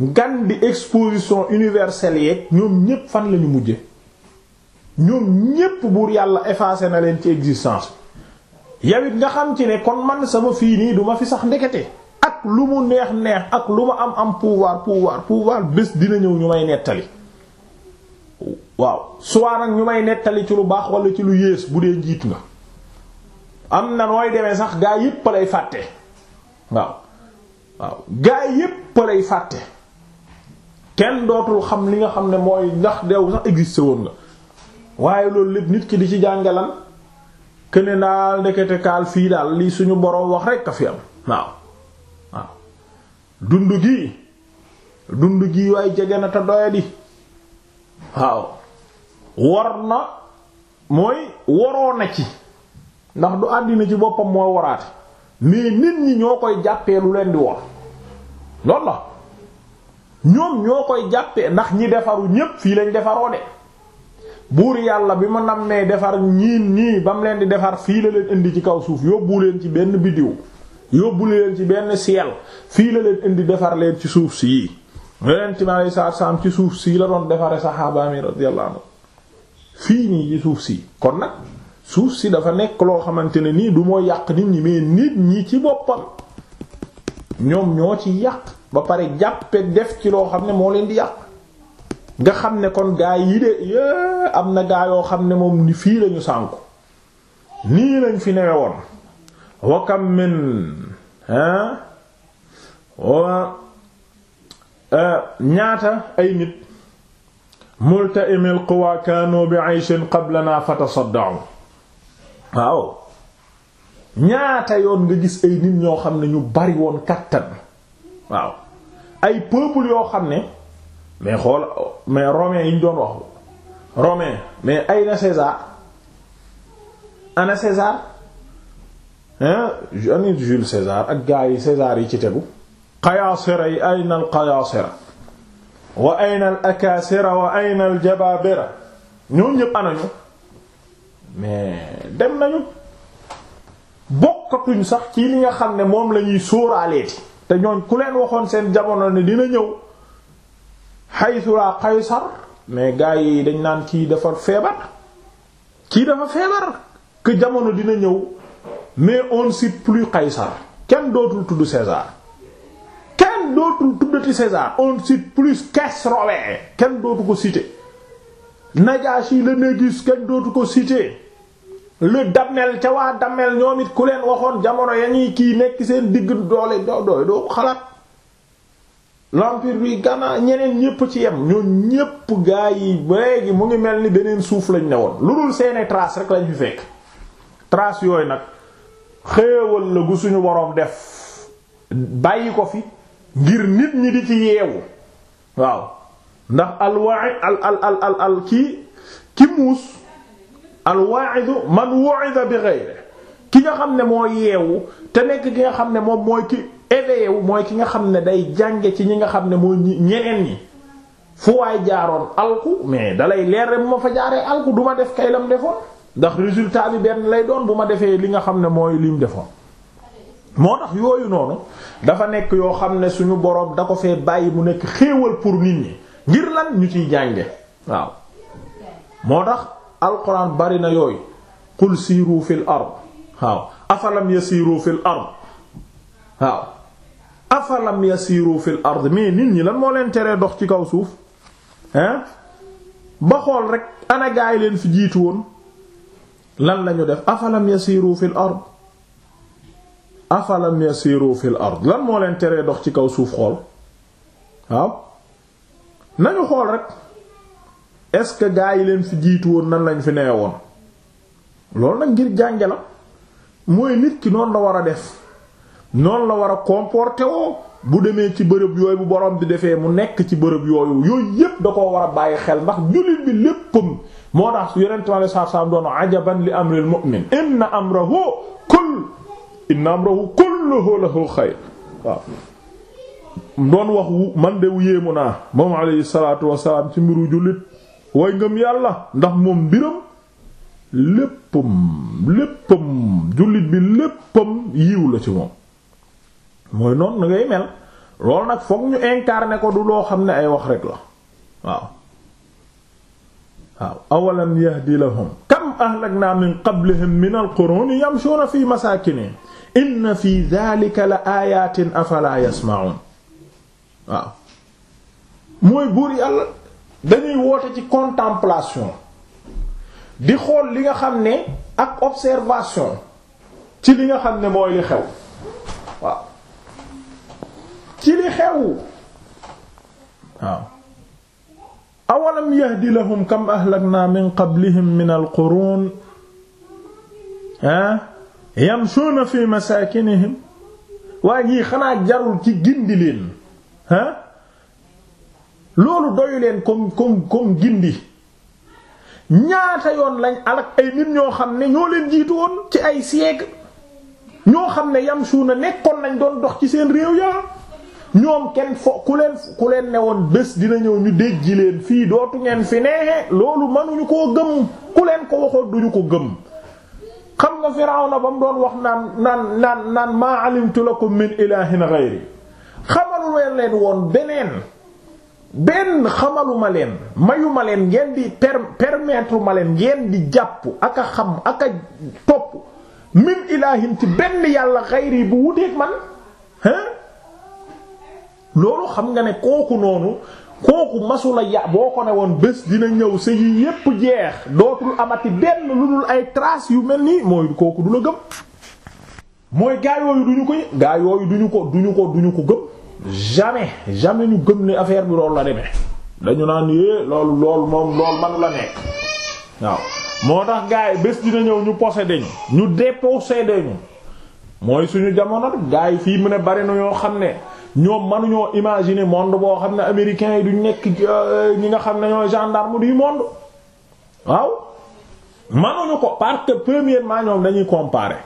ngan bi exposition universelle yeeg ñoom ñépp fan lañu mujje ñoom ñépp buur yàlla effacé na leen ci existence yow it nga xam ci ne kon man sama fii nii duma fi sax ndekete ak lu mu neex neex ak lu ma am am pouvoir pouvoir pouvoir bés dina ñëw ñu may nettali waaw soit nag ñu may nettali ci lu baax wala ci lu yées bu dee njiit nga am na nooy demee sax gaa yépp lay fàtte waaw waaw gaa yépp lay fàtte kenn dootul xam li nga xam ne mooy ndax deew sax existé woon nga waaye loolu lépp nit ki di ci jàngalan këne naa ndekete kaal fii daal lii suñu boroom wax rekk a fi am waaw dund gi dund gi waay jege na te doyadi waaw war na mooy waroo na ci ndax du àddina ci boppam mooy waraate mais nit ñi ñoo koy jàppee lu leen di war lool la ñoom ñoo koy jàppee ndax ñi defaru ñépp fii lañ defaroo de buur yàlla bi ma nammee defar ñiin ñii ba mu leen di defar fii la leen indi ci kaw suuf yóbbu leen ci benn biddiw yóbbu leen ci benn ciel fii la leen indi defar leen ci suuf si yonent mi alayhi salaatu ci suuf sii la doon defare saxaaba mi radiyallahu fii nii ci suuf si kon nag suuf si dafa nekk loo xamante ne nii du moo yàq nit ñi mais nit ñi ci boppam ñoom ñoo ci yàq ba pare jàppe def ci loo xam ne moo leen di yàq nga xam ne kon gaa yi de yée am na gaa yoo xam ne moom ni fii lañu sànku nii lañ fi newe woon wa kam min hein wa eh, ñaata ay nit multa'imil quwa kaanu bi 'ayshin qablana waaw ñaata yoon nga gis ay nit ñoo xam ne ñu bari woon kàttan waaw ay peuple yoo xam ne mais xool mais romain yi ñu doon wax romain mais ay na César ana César hein ani Jules César ak gaa yi César yi ci tegu qayaasira yi ayna al qayaasira wa ayna al wa ayna al jabaabira ñëpp anañu mais dem nañu bokkatuñ sax ci li nga xam ne moom lañuy sóoraaleeti te ñooñ ku leen waxoon seen jamono ne dina ñëw haythu la qaysar mais gars yi dañ naan kii dafa feebar kii dafa feebar que jamono dina ñëw mais on ne cite plus qaysar kenn dootul tudd César kenn dootul tuddati César on ne cite plus Kesrowe kenn dootu ko citer Najashi le Négus kenn dootu ko site le Damel ca waa Damel ñoom it ku leen waxoon jamono ya ñuy kii nekk seen digg doole doo doo doo xalaat. l'empire bi Ghana ñeneen ñépp ci yem ñoom ñépp gaa yi léegi mu ngi mel ni beneen suuf lañ ne woon lu dul seeni trace rek lañ fi fekk trace yooyu nag xéewal la gu suñu boroom def bàyyi ko fi ngir nit ñi di ci yeewu waaw ndax alwaai al al al al al kii ki muus alwaidu man waida bi xëy ki nga xam ne moo yeewu te nekk ki nga xam ne moom mooy ki éveillé mooy ki nga xam ne day jànge ci ñi nga xam ne mooy ñeneen ñi fu waay jaaroon alku mais dalay leer bu ma fa jaaree alku du ma def kay lam defoon ndax résultat bi benn lay doon bu ma defee li nga xam ne mooy lim defoon moo tax yooyu noonu dafa nekk yoo xam ne suñu boroom da ko fee bàyyi mu nekk xéewal pour nit ñi ngir lan ñu ciy jànge waaw moo tax alxuraan bari na yooyu qul siiru fil ard waaw afalam yasiru fil ard waaw afalam yasiru fil ard mais nit ñi lan moo leen teree dox ci kaw suuf hein ba xool rek ana gaay leen fi jiitu woon lan lañu def afalam yasiru fil ard afalam yasiru fil ard lan moo leen teree dox ci kaw suuf xool waaw nañu xool rek est-ce que gaay leen fi jiitu woon nan lañ fi nee woon loolu nag ngir jànge mooy nit ki noonu la war a def noonu la war a comporter bu demee ci bërëb yooyu bu borom bi defee mu nekk ci bërëb yooyu yooyu yépp da koo war a bàyyi xel ndax jullit bi léppam moo tax yonent mi alayhi salaatu doon ajaban li amril mu'min inna amrahu kull inna amrahu wax man de wu yéemu naa moom alayhi salaatu wasalaam ci mbiru jullit way ngëm yàlla ndax moom mbiram léppam léppam jullit bi léppam yiw la ci moom mooy noonu ngay mel loolu nag fokk ñu incarné ko du loo xam ne ay wax rek la waaw waaw awalam yahdi lahum kam ahlakna min qablihim min alquruni yamshuna fi masakinihim inna fi dhalika la ayatin afala yasma'un waaw mooy buur yàlla dañuy woote ci contemplation di xool li nga xam ne ak observation ci li nga xam ne mooy li xew waaw ci li xew waaw awalam yahdi lahum kam ahlakna min qablihim min alqurun ah yamshuna fi masakinihim waa ñii xanaa jarul ci gindi leen loolu doyu leen comme koom koom gindi ñaata yoon lañ alak ay nit ñoo xam ne ñoo leen jiitu woon ci ay siècle ñoo xam ne yam suuna nekkoon nañ doon dox ci seen réew ya ñoom kenn fo ku leen ku leen ne woon bés dina ñëw ñu déggi leen fii dootu ngeen fi neexe loolu mënuñu koo gëm ku leen ko waxoon duñu ko gëm xam nga na ba mu doon wax naan naan naan naan maa alimtu lakum min ilahin ghayri xamal leen woon beneen benn xamaluma leen mayuma leen ngeen di per permettre ma leen ngeen di jàpp ak a xam ak topp min ilahin ci benn yàlla xayri bu wuteeg man hein loolu xam nga ne kooku noonu kooku masula ya boo ko ne woon bés dina ñëw sa yi yépp jeex dootul amati benn lu dul ay traces yu mel nii mooy kooku du la gëm mooy gaa duñu ko gaa duñu ko duñu ko duñu ko gëm jamais jamais ñu gëm ni affaire bi loolu la demee dañu naan yée loolu loolu moom loolu man nekk waaw moo tax gars yi bés dina ñëw ñu possédé ñu ñu dépossédé ñu mooy suñu jamono gars yi fii mu ne bari na ñoo xam ne ñoom mënuñoo imaginer monde boo xam ne américains yi duñ nekk euh, ñi nga xam ne ñooy gendarme du monde waaw mënuñu ko parce que premièrement ñoom dañuy comparer.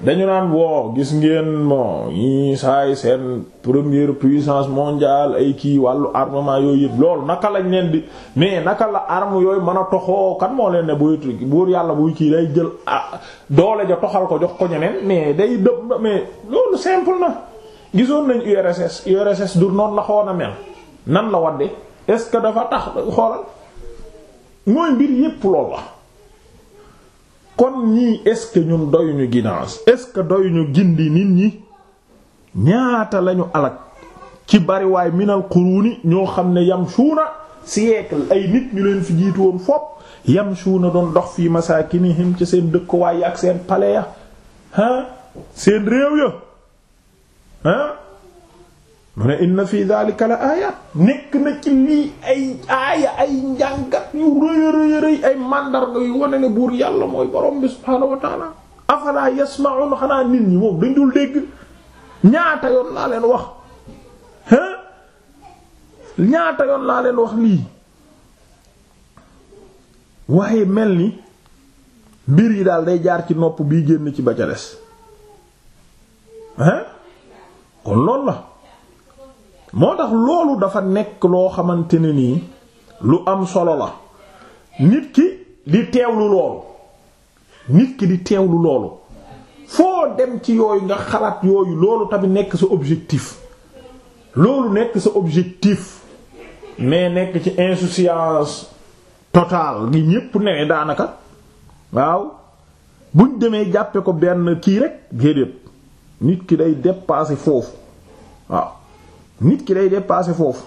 dañu naan woo gis ngeen bon ñii saay seen première puissance mondiale ay kii wàllu armement yooyu yëpp loolu naka lañ leen di mais naka la arme yooyu mën a toxoo kan moo leen ne buy buur yàlla buy kii day jël ah doole ja toxal ko jox ko ñeneen mais day dëb mais loolu simple na gisoon nañ URSS URSS dur noon la xawoon a mel nan la wadde est-ce que dafa tax xoolal mooy mbir yëpp loolu la kon ñii est-ce que ñun doyuñu guidance est-ce que doyuñu gindi nit ñi ñaata lañu alak ci bariwaay minal quruuni ñoo xam ne yam yamshuuna siècle ay nit ñu leen fi jiitu woon fopp suuna doon dox fii masaakinihim ci seen dëkkuwaay ak seen pale ya ah seen réew ya ah mu ne inna fi dhalika la ayat nekk na ci ay aaya ay njàngat buur yàlla mooy borom bi subhaanahu wa taala afala yasma'un dañ dul dégg ñaata yoon laa ñaata yoon laa leen wax lii waaye yi daal day jaar ci nopp bii génn ci ba ca kon loolu la moo tax loolu dafa nekk loo xamante ne nii lu am solo la nit ki di teewlu loolu nit ki di teewlu loolu foo dem ci yooyu nga xalaat yooyu loolu tamit nekk sa objectif loolu nekk sa objectif mais nekk ci insouciance totale gi ñépp newee daanaka waaw buñ demee jàppee ko benn kii rek déedéet nit ki day dépasser foofu waaw nit ki day paase foofu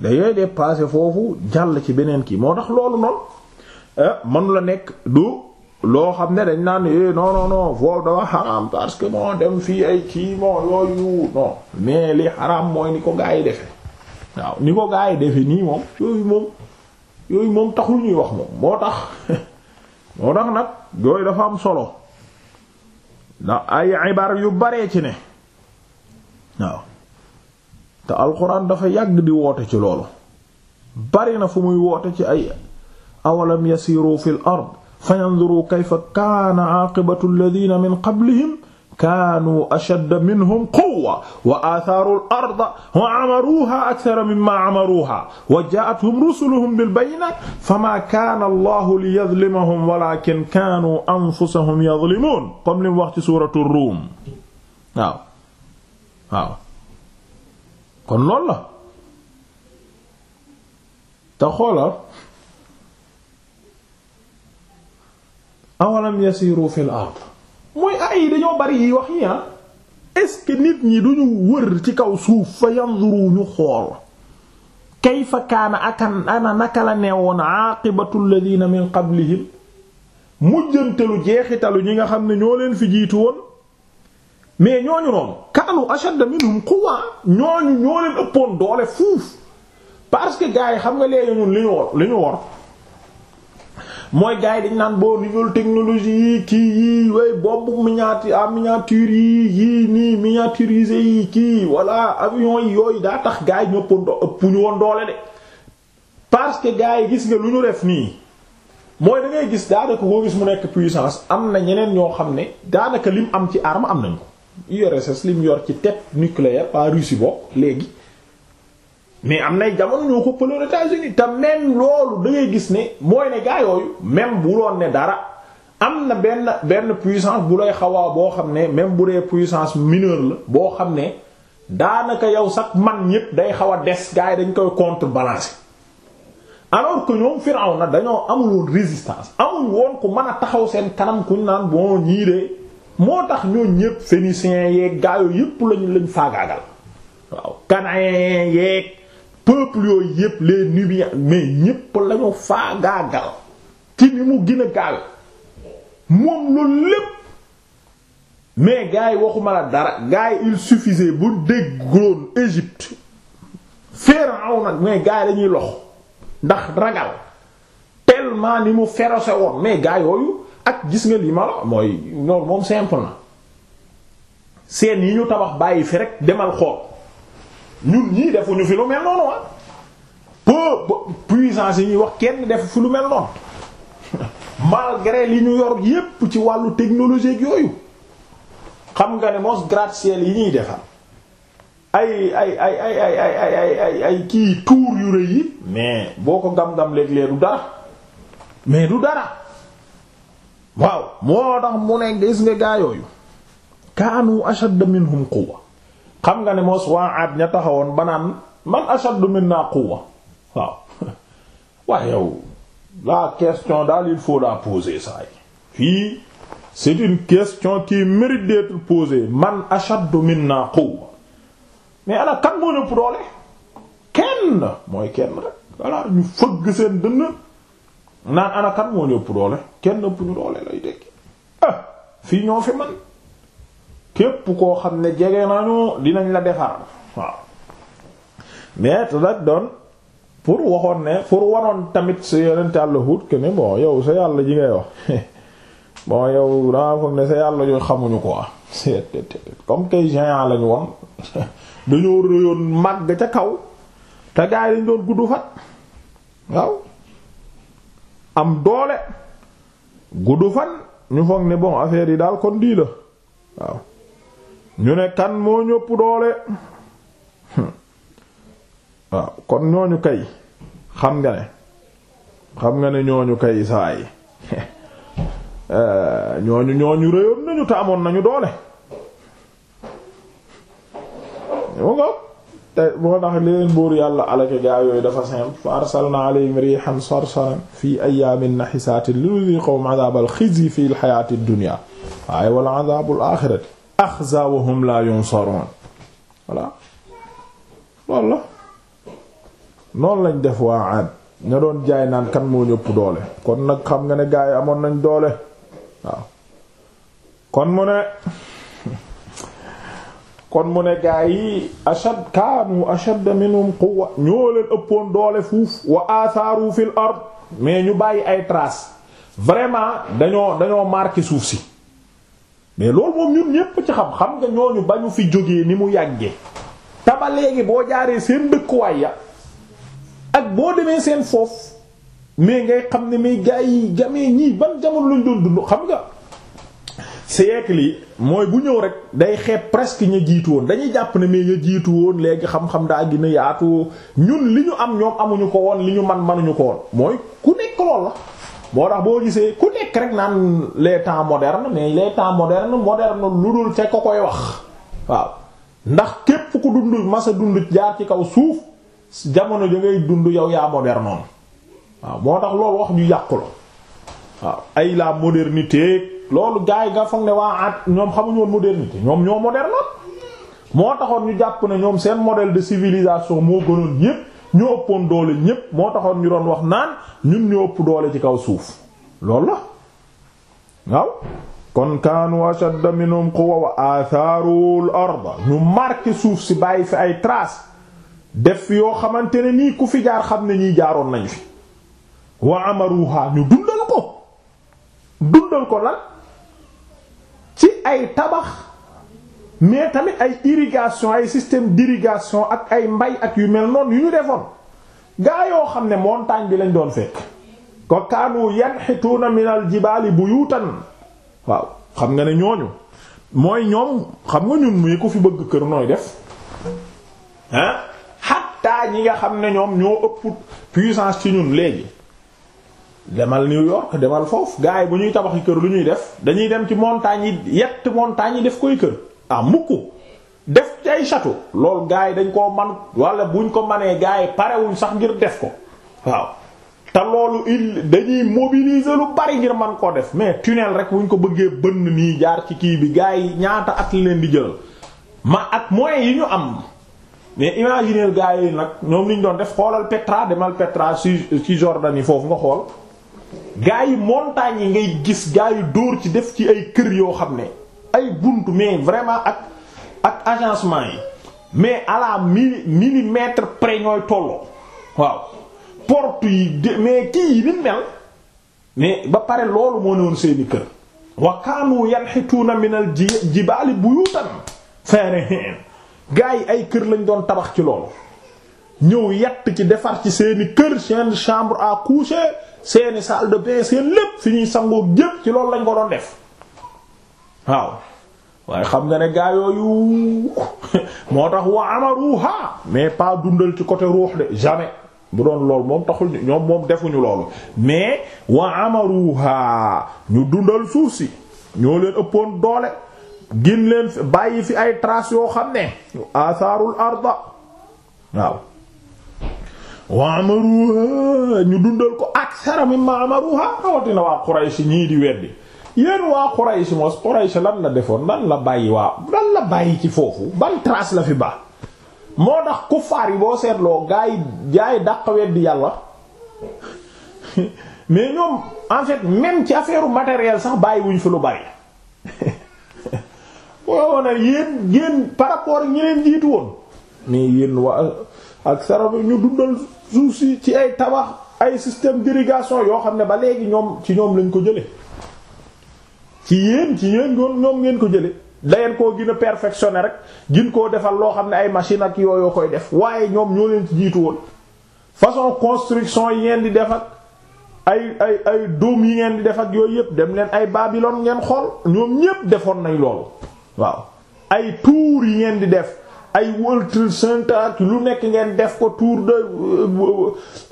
day dépasser foofu jàll ci beneen kii moo tax loolu noonu ah, mënu la nekk du loo xam ne dañ naan eh, non non non foofu dafa xaraam parce que moo dem fii ay kii moo yooyu non mais li xaraam mooy ni ko gaa yi defe waaw ni ko gaa yi defe nii moom yooyu moom yooyu moom taxul ñuy wax moom moo tax moo tax nag yooyu dafa am solo ndax ay ibaar yu baree ci ne waaw te alxuraan dafa yàgg di woote ci loolu bari na fu muy woote ci ay awalam yasiiru fil ard fayanzuru kayfa kaana aqibatu alladhina min qablihim kaanu ashadda minhum quwwa wa athaaru al-arda wa amaruuha akthara mimma amaruuha wa jaa'athum rusuluhum bil-bayyinaati famaa kaana Allahu liyadhlimahum walaakin kaanu anfusahum yadhlimuun comme li mu wax ci suuratu Ruum waaw waaw kon loolu la te xoolal awalam yasiru fil ard mooy ay dañoo bari yi wax yi ah est nit ñi duñu wër ci kaw suuf fa yanzuru ñu xool kayfa kaana akan ana naka la nee woon aqibatu alladhina min qablihim mujjantelu jeexitalu ñi nga xam ne ñoo leen fi jiitu woon mais ñooñu noonu kaanu ashadda minhum quwwa ñooñu ñoo leen ëppoon doole fuuf parce que gars yi xam nga léegi li ñu war li ñu war mooy gars yi dañ naan boo nouvelle technologie yi kii yii way boobu miniature à ah, miniature yi yii nii miniaturisé yi kii walla avion yi yooyu daa tax gars yi ñu ëpp ñu woon doole de parce que gars gis nga lu ñu def nii mooy da ngay gis daanaka koo gis mu nekk puissance am na ñeneen ñoo xam ne daanaka lim am ci arme am nañ URSS lim yor ci tête nucléaire par Russie bokk léegi mais am nay jamono ñoo ko pëloon États-Unis te même loolu da gis ne mooy ne gaa yooyu même bu loon ne dara am na benn benn puissance bu lay xawaa boo xam ne même bu dee puissance mineure la boo xam ne daanaka yow sax man ñépp day xaw a des gaa dañ koy contrebalancer alors que ñoom Firawna dañoo amul woon résistance amul woon ku mën a taxaw seen kanam kuñ naan bon ñii moo tax ñooñ ñépp phéniciens yeeg gaayo yépp lañu lañ faagaagal waaw cananéens yeeg peuple yooyu yépp les nubiens mais ñépp lañu faagaagal ci ni mu gën a gaawe moom loolu lépp mais gars yi waxuma la dara gars yi il suffisait bu déggoon Égypte Pharaon nag mais gars yi lox ndax ragal tellement ni mu férocé woon mais gars ak gis nga li ma la mooy loolu moom simple na seen yi ñu tabax bàyyi fi rek demal xool ñun ñii defuñu fi lu mel noonu wa ah. peu puissance yi ñuy wax kenn def fi lu mel noonu malgré li ñu yor yépp ci wàllu technologie ak yooyu xam nga ne mos gratte-ciel yi ñuy defar ay ay ay ay ay ay ay ay kii tour yu rëy yi mais boo ko gam-gam léeg-léeg du dara mais du dara waaw moo tax mu ne gis nga gaayooyu kaanu ashadda minhum quwwa xam nga ne moos waa aad ña taxawoon banaan man ashaddu minna quwwa waaw waaye yow la question daal il faut la poser ça yi fii c'est une question qui mérite d'être posée man ashaddu minna quwwa mais ana kan moo nëpp doole kenn mooy kenn rek voilà ñu fëgg seen dënn naan ana kan moo ñëpp doole kenn ëpp ñu doole lay tekki ah, fii ñoo fi man képp koo xam ne jege nañu dinañ la defar waaw mais nag doon pour waxoon ne pour waroon tamit sa yeneen yàlla wut que ne bon yow sa yàlla ji ngay wax bon yow dama foog ne sa yàlla yooyu xamuñu quoi comme kay géant lañu woon dañoo rëyoon màgg ca kaw te gaa yi dañ doon gudd fat waaw am doole guddu fan ñu foog ne bon affaire yi daal kon dii la waaw ñu ne kan moo ñëpp doole hmm. waaw kon ñooñu kay xam nga ne xam nga ne ñooñu kay saa yi eh, ñooñu ñooñu réyoon nañu te amoon nañu doole. te boo tax leen buur yàlla alake gaa yooyu dafa simple fa arsalna alayhim rihan sarsaran fi ayaamin nahisaatin linuziqahum adaabal xizyi fi lxayaati dunya waaye wala adaabul axirati axzaa wa hum laa yunsaruun voilà loolu la noonu lañ def waa Aad ña doon jaay naan kan moo ñëpp doole kon nag xam nga ne gaa yi amoon nañ doole waaw kon mu ne kon mu ne gaa yi ashad kaanu ashad minhum quwwa ñoo leen ëppoon doole fuuf wa athaaru fil ard mais ñu bàyyi ay traces vraiment dañoo dañoo marqué suuf si mais loolu moom ñun ñépp ci xam xam nga ñoo ñu bañu fi jóge ni mu yàggee taba léegi boo jaaree seen dëkkuwaay ya ak boo demee seen foofu mais ngay xam ne mais gaa yi gamee ñii ban jamono lu doon dund xam nga siècle yi mooy bu ñëw rek day xeeb presque ña jiitu woon dañuy jàpp ne mais ña jiitu woon léegi xam-xam daa gën a yaatu ñun li ñu am ñoom amuñu ko woon li ñu man manuñu ko woon mooy ku nekk lool la moo tax boo gisee ku nekk rek naan les temps modernes mais les temps modernes moderne lu dul te ko koy wax waaw ndax képp ku dund masa dund jaar ci kaw suuf jamono ja ngay dund yow yaa moderne noonu waaw moo tax loolu wax ñu yàqu waaw ay la modernité loolu gars yi nga foog ne waa at ñoom xamuñu woon modernité ñoom ñoo moderne moo taxoon ñu jàpp na ñoom seen modèle de civilisation moo gënoon ñépp ñoo ëppoon doole ñépp moo taxoon ñu doon wax naan ñun ñu ëpp doole ci kaw suuf lool la waaw kon kaanu ashadda minhum ku wa atharul arda ñu marqué suuf si bàyyi fi ay traas def yoo xamante ne nii ku fi jaar xam ne ñii jaaroon nañu fi wa amaruha ñu dundal ko dundal ko lan ci ay tabax mais tamit ay irrigation ay système d'irrigation ak ay mbay ak yu mel noonu yu ñu defoon gaa yoo xam ne montagne bi lañ doon fekk ko kaanu yanxituuna minal jibaali buyutan waaw xam nga ne ñooñu mooy ñoom xam nga ñun muy ku fi bëgg kër nooy def ah hatta ñi nga xam ne ñoom ñoo ëpp puissance ci ñun léegi demal New York demal foofu gars yi bu ñuy tabaxi kër lu ñuy def dañuy dem ci montagnes yi yett montagnes yi def koy kër ah mukk def ci ay château loolu yi dañ koo man wala buñ ko manee gars yi parewuñ sax ngir def ko waaw te loolu il dañuy mobiliser lu bari ngir man koo def mais tunnel rek buñ ko bëggee bënn nii jaar ci kii bi gars yi ñaata at leen di jëlal ma ak moyens yi ñu am mais imaginer gars yi nag ñoom lu ñu doon def xoolal Petra demal Petra ci ci Jordanie foofu nga xool gaa yi montagnes yi ngay gis gaa yi dóor ci def ci ay kër yoo xam ne ay buntu mais vraiment ak ak agencement yi mais à la mili millimètre ñooy tolloo waaw porte yi mais kii yi ni mel mais ba pare loolu moo ne woon seeni kër wa kaanu na min al jibaali buyutan farihin gaa yi ay kër lañ doon tabax ci loolu ñëw yatt ci defar ci seeni kër seen chambre à coucher seeni salle de bain seen lépp fi ñuy sangoog jëpp ci loolu lañu ko doon def waaw waaye xam nga ne gaa yooyu moo tax wa amaruha mais pas dundal ci côté ruux de jamais bu doon loolu moom taxul ñoom moom defuñu loolu mais wa amaruha ñu dundal suuf si ñoo leen ëppoon doole gin leen bàyyi fi ay traces yoo xam ne asaarul arda waaw wa amaruha ñu dundal ko aksara mimma amaruha rawatina waa Quraysh ñii di weddi yéen waa Quraysh mos Quraysh lan la defoon lan la bàyyi waa lan la bàyyi ci foofu ban trace la fi baax moo tax kuffaar yi boo seetloo gaa yi gaa yi weddi yàlla mais ñoom en fait même ci affaire matériel sax bàyyi wuñ fi lu bari waaw na yéen yéen par rapport ñi leen jiitu woon mais yéen waa ak sarabu ñu dundal suuf ci ay tabax ay système d'irrigation yoo xam ne ba léegi ñoom ci ñoom lañ ko jële ci yéen ci yéen ñoom ngeen ko jële dangeen koo gën a perfectionner rek gin koo defal loo xam ne ay machine ak yooyu koy def waaye ñoom ñoo leen ci jiitu woon façon construction yi ngeen di def ak ay ay ay dóom yi ngeen di def ak yooyu yëpp dem leen ay Babylone ngeen xool ñoom ñépp defoon nañ loolu waaw ay tour yi ngeen di def ay World Center lu nekk ngeen def ko tour de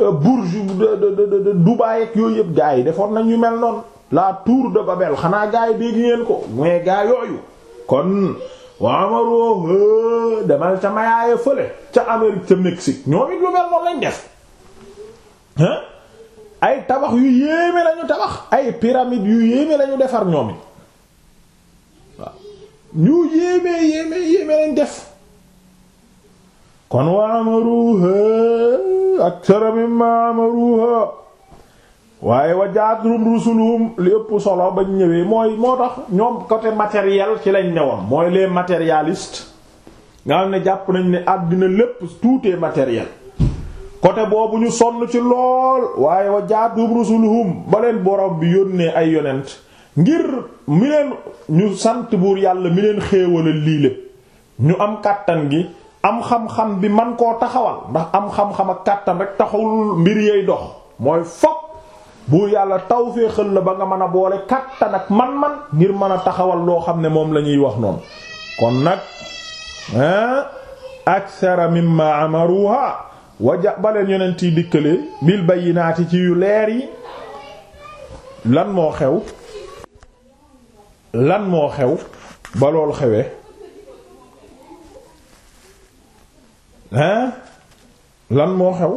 euh, Burj de Dubaï ak yooyu yëpp gars yi defoon nañ ñu mel noon la tour de Babel xanaa gaay yi dégg ngeen ko mais gars yooyu kon waamaro euh, demal ca mayaaya fële ca Amérique ca Mexique ñoom it lu mel noonu lañ def ay tabax yu yéeme lañu tabax ay pyramide yu yéeme lañu defar ñoom it waaw ñu yéeme yéeme lañ def kon wa amaruha akthara mimma amaruha waaye wa jaadrum rusuluhum li ëpp solo bañ ñëwee mooy moo tax ñoom côté matériel ci lañ newoon mooy les matérialistes nga xam ne jàpp nañ ne àddina lépp tout est matériel côté boobu ñu sonn ci lool waaye wa jaadrum rusuluhum ba borom bi yónnee ay yonent ngir mi leen ñu sant buur yàlla mi leen xéewalal lii lépp ñu am kàttan gi am xam-xam bi man koo taxawal ndax am xam-xam ak kàttan rek taxawul mbir yeey dox mooy fokk buur yàlla tawféexal la ba nga mën a boole kàttan ak man-man ngir mën a taxawal loo xam ne moom la ñuy wax noonu kon nag akthara mimma amaruha waja baleen yonent yi dikkalee bil bayyinaati ci yu leer yi lan moo xew lan moo xew ba loolu xewee hein lan moo xew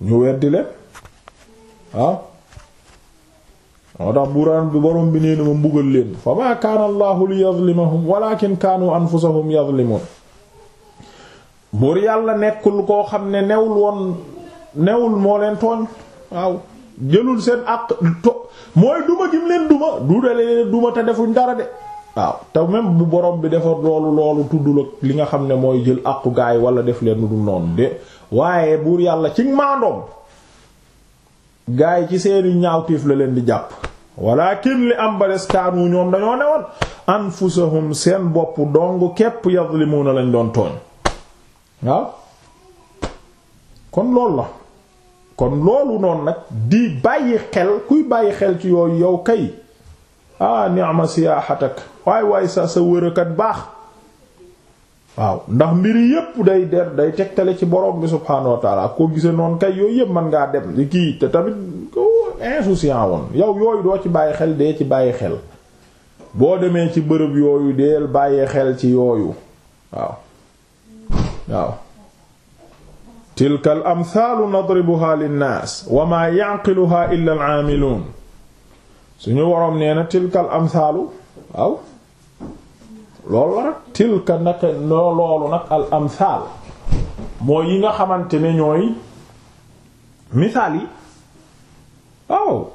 ñu weddi leen waaw ah? moo tax buraan bi borom bi nee na ma mbugal leen fa maa kaana li yazlimahum walakin kaanu anfusahum yazlimun buur yàlla nekkul koo xam ne newul woon newul moo leen tooñ waaw jëlul seen àq to mooy duma gim leen duma du dale duma te defuñ dara de waaw te même bu borom bi defar loolu loolu tuddul ak li nga xam ne mooy jël àqu gaay wala def leen du noonu de waaye buur yàlla ci maandoom gaay ci seeni ñaawtiif la leen di jàpp walakin li am ba des kaanu ñoom dañoo newoon anfusahum seen bopp dong képp yazlimuna lañ doon tooñ waaw kon loolu la kon loolu noon nag di bàyyi xel kuy bàyyi xel ci yooyu yow kay ah ni'ma siyaaxatak waay waay sa sa wërëkat baax waaw ndax mbir yépp day der day tegtale ci borom bi subhaanahu wa taala koo gisee noonu kay yooyu yépp mën ngaa dem di kii te tamit insouciant woon yow yooyu doo ci bàyyi xel dee ci bàyyi xel boo demee ci bërëb yooyu deel bàyyi xel ci yooyu waaw waaw tilka al amthaalu nadribuha wa ma ya'qiluha illa al suñu waroom nee na tilkal amsaalu waaw loolu la rek tilka nag loolu nag al amsaal mooy yi nga xamante ne ñooy misaal yi waaw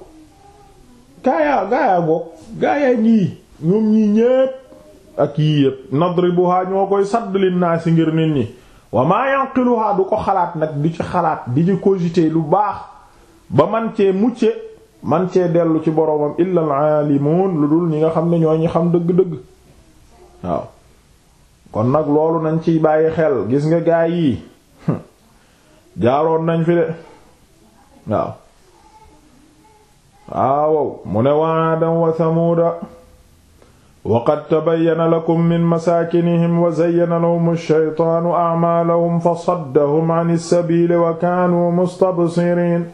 gaayaa gaayaa goog gaayaa ñii ñoom ñii ñépp ak yii yépp nadribuha ñoo koy sadd linnaasi ngir nit ñi wa maa yanqiluha du ko xalaat nag di ci xalaat di ci cogiter lu baax ba man cee mucce man cee dellu ci boroomam illa alaalimuun lu dul ñi nga xam ne ñoo ñi xam dëgg-dëgg waaw kon nag loolu nañ ci bàyyi xel gis nga gaay yi jaaroon nañ fi de waaw waawow mu ne wa aadan wa thamuuda wa qad tabayyana lakum min masaakinihim wa zayyana lahum ash-shaytaanu a'maalahum fa saddahum 'ani as-sabiili wa kaanuu mustabsiriin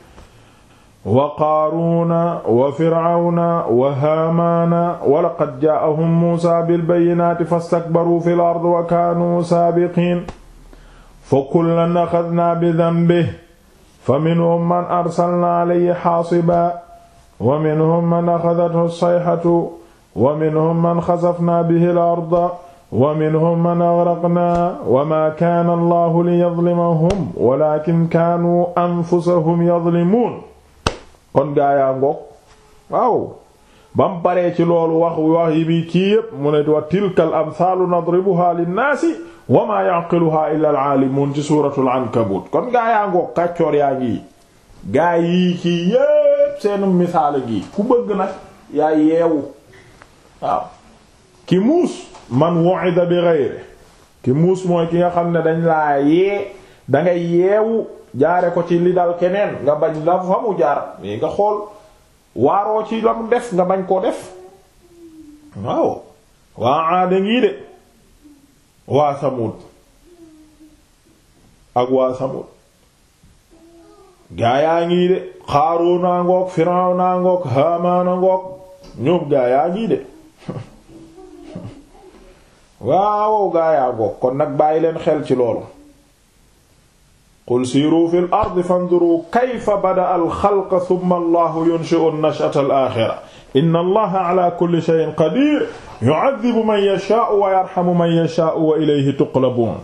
wa qaaruuna wa fircawna wa haamaana walaqad jaa'ahum muusaa bilbayinaati fastakbaruu fi lard wa kaanuu saabiqiin fa kullan axadnaa bidanbihi fa minhum man arsalnaa calayhi xaasiban wa minhum man axadathu sayxatu wa minhum man xasafnaa bihi larda wa minhum man agraqnaa wa maa kaana allaahu liyadlimahum walaakin kaanuu anfusahum yadlimuun kon gaa yaa ngoog waaw ba mu paree ci loolu wax wax yi bi ci yépp mu ne wa tilka al amthaalu nadribuha linnaasi wa ci suuratul ankabut kon gaa yaa ngoog kàccoor yaa ngi gaa yi ci yépp seen misaal gi ku bëgg nag yaa yeewu ki muus man wu'ida bi ghayri ki muus mooy ki nga xam ne dañ laa yee dangay yeewu jaare ko ci li dal keneen nga bañ la fa mu jaar mais nga xool waaroo ci la mu def nga bañ koo def waaw waa aada ngii de waa samut ak waa samut gaayaa ngii de xaaruuna ngoog firawna ngoog haamaana ngoog ñoom gaayaa ngii de waaw gaayaa ngoog kon nag bàyyi leen xel ci loolu qul siiru fil ardi fanduru kayfa bada'a al-xalqa summa allahu yunshi'u an-nash'ata al-aaxira inna allaha ala kulli shay'in qadiir yu'adhibu man yashaa'u wa yarhamu man yashaa'u wa ilayhi tuqlabuun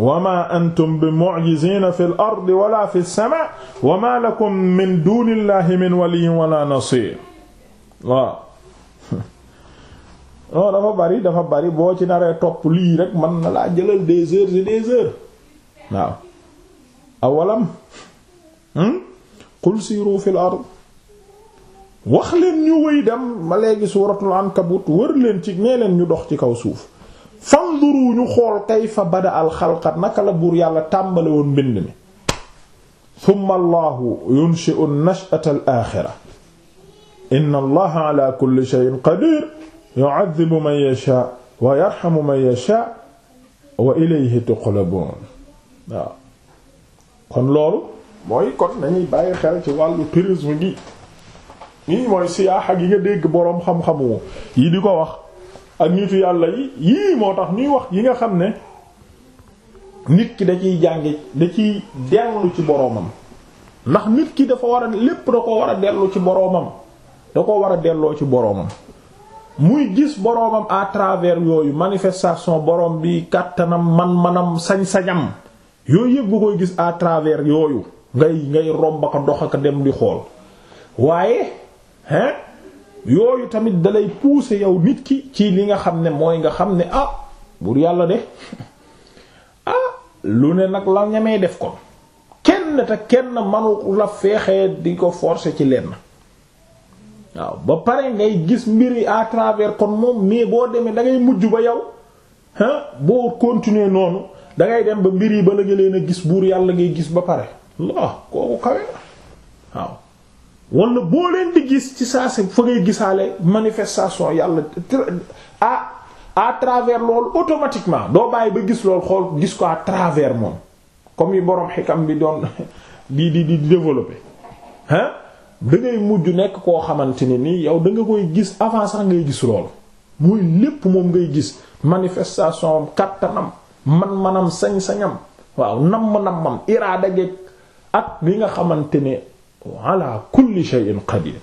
wa maa antum bimu'jiziina fil ardi wala fis samaa'i wa maa lakum min duuni llahi min waliyyin wala nasiir waaw non oh, dafa bari dafa bari boo ci naree topp lii rek mën na laa jëlal des heures et des heures waaw. awalam hmm? qul siiru fil ard wax leen ñu wëy dem ma léegi suuratul ankabut wër leen ci nee leen ñu dox ci kaw suuf fanduru ñu xool kayfa bada al xalqa naka la buur yàlla tàmbale woon mbind mi thumma allahu yunshi'u an-nash'ata al-aaxira inna allaha ala kulli shay'in qadir yu'adhibu man yasha wa yarhamu man yasha wa ilayhi tuqlabun waaw kon loolu mooy kon nañuy bàyyi xel ci wàllu tourisme gi nii mooy siyaaxa gi nga dégg boroom xam-xamu yi di ko wax ak nitu yàlla yi yii moo tax ñuy wax yi nga xam ne nit ki da ciy da ciy dellu ci boroomam ndax nit ki dafa war a lépp da ko war a dellu ci boroomam da ko war a delloo ci boroomam muy gis boroomam à travers yooyu manifestation boroom bi kàttanam man-manam sañ-sañam yooyu yëpp bu koy gis à travers yooyu ngay ngay romb ko dox ak dem di xool waaye hein yooyu tamit dalay pousser yow nit ki ci li nga xam ne mooy nga xam ne ah buur yàlla de ah lu ne nag la ñamee def kon kenn te kenn manu la feexee di ko forcer ci lenn waaw ba pare ngay gis mbir yi à travers kon moom mais boo demee da ngay mujj ba yow hein boo continuer noonu da ngay dem ba mbir yi ba la nga leen a gis buur yàlla ngay gis ba pare laa kooku na waaw wala gis ci saa si fa ngay manifestation yàlla à à travers loolu automatiquement doo bàyyi ba gis loolu xool gis ko à travers moom comme yi borom xikam bi doon di di di développer hein da ngay mujj nekk koo xamante ne nii yow da nga koy gis avant sax ngay gis loolu mooy lépp moom ngay gis manifestation am kattanam man-manam sañ-sañam waaw namm-nammam iraada geeg ak li nga xamante ne ala kulli shay'in qadir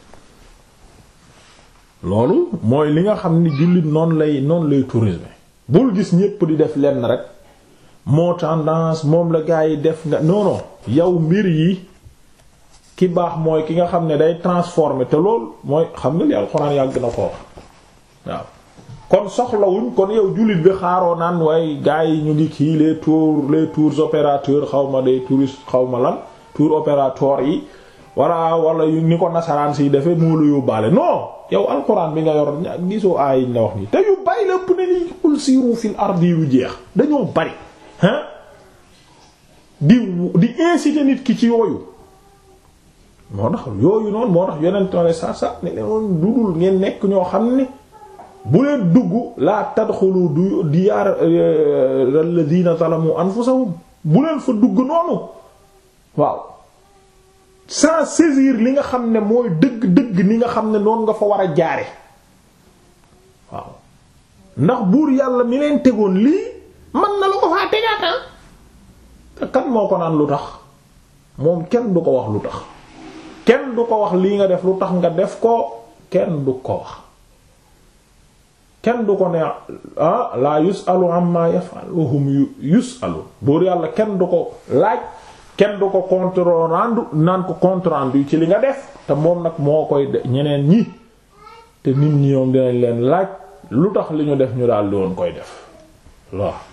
loolu mooy li nga xam ni jullit noonu lay noonu lay tourisme bul gis ñépp di def lenn rek moo tendance moom la gaa yi def nga non yow mbir yi ki baax mooy ki nga xam ne day transformer te lool mooy xam nga li alxuraan yàgg na ko waaw kon soxlawuñ kon yow jullit bi xaaroo naan waaye gars yi ñu ngi kii les tours les tours opérateurs xawma de des touristes xaw ma lan tour opérateur yi walla wala ni ko nasaraan si defee moo la yóbbaale non yow alxuraan bi nga yor gisoo aay yi la wax nii te yu bàyyi bu jeex dañoo bari di di nit ki ci yooyu moo tax yooyu noonu moo tax yonent na sa sa ne leen dudul ngeen nekk ñoo xam ne bu leen dugg laa tadxulu du diyaar eh, alladina zalamu anfusahum bu leen fa dugg noonu waaw sans saisir li nga xam ne mooy dëgg-dëgg ni nga xam ne noonu nga fa war a jaare waaw ndax buur yàlla mi leen tegoon lii mën na la ko faa tegaata ah? kan moo ko naan lu tax moom kenn du ko wax lu tax kenn du ko wax lii nga def lu tax nga def ko kenn du ko wax kenn du ko ne ah laa yusalu amma yafal wa hum yusalu buur yàlla kenn du ko laaj kenn du ko compte rendu naan ko compte rendu ci li nga def te moom nag moo koy ñeneen ñi te nit ñi ñoom dinañ leen laaj lu tax li ñu def ñu daal di woon koy def waaw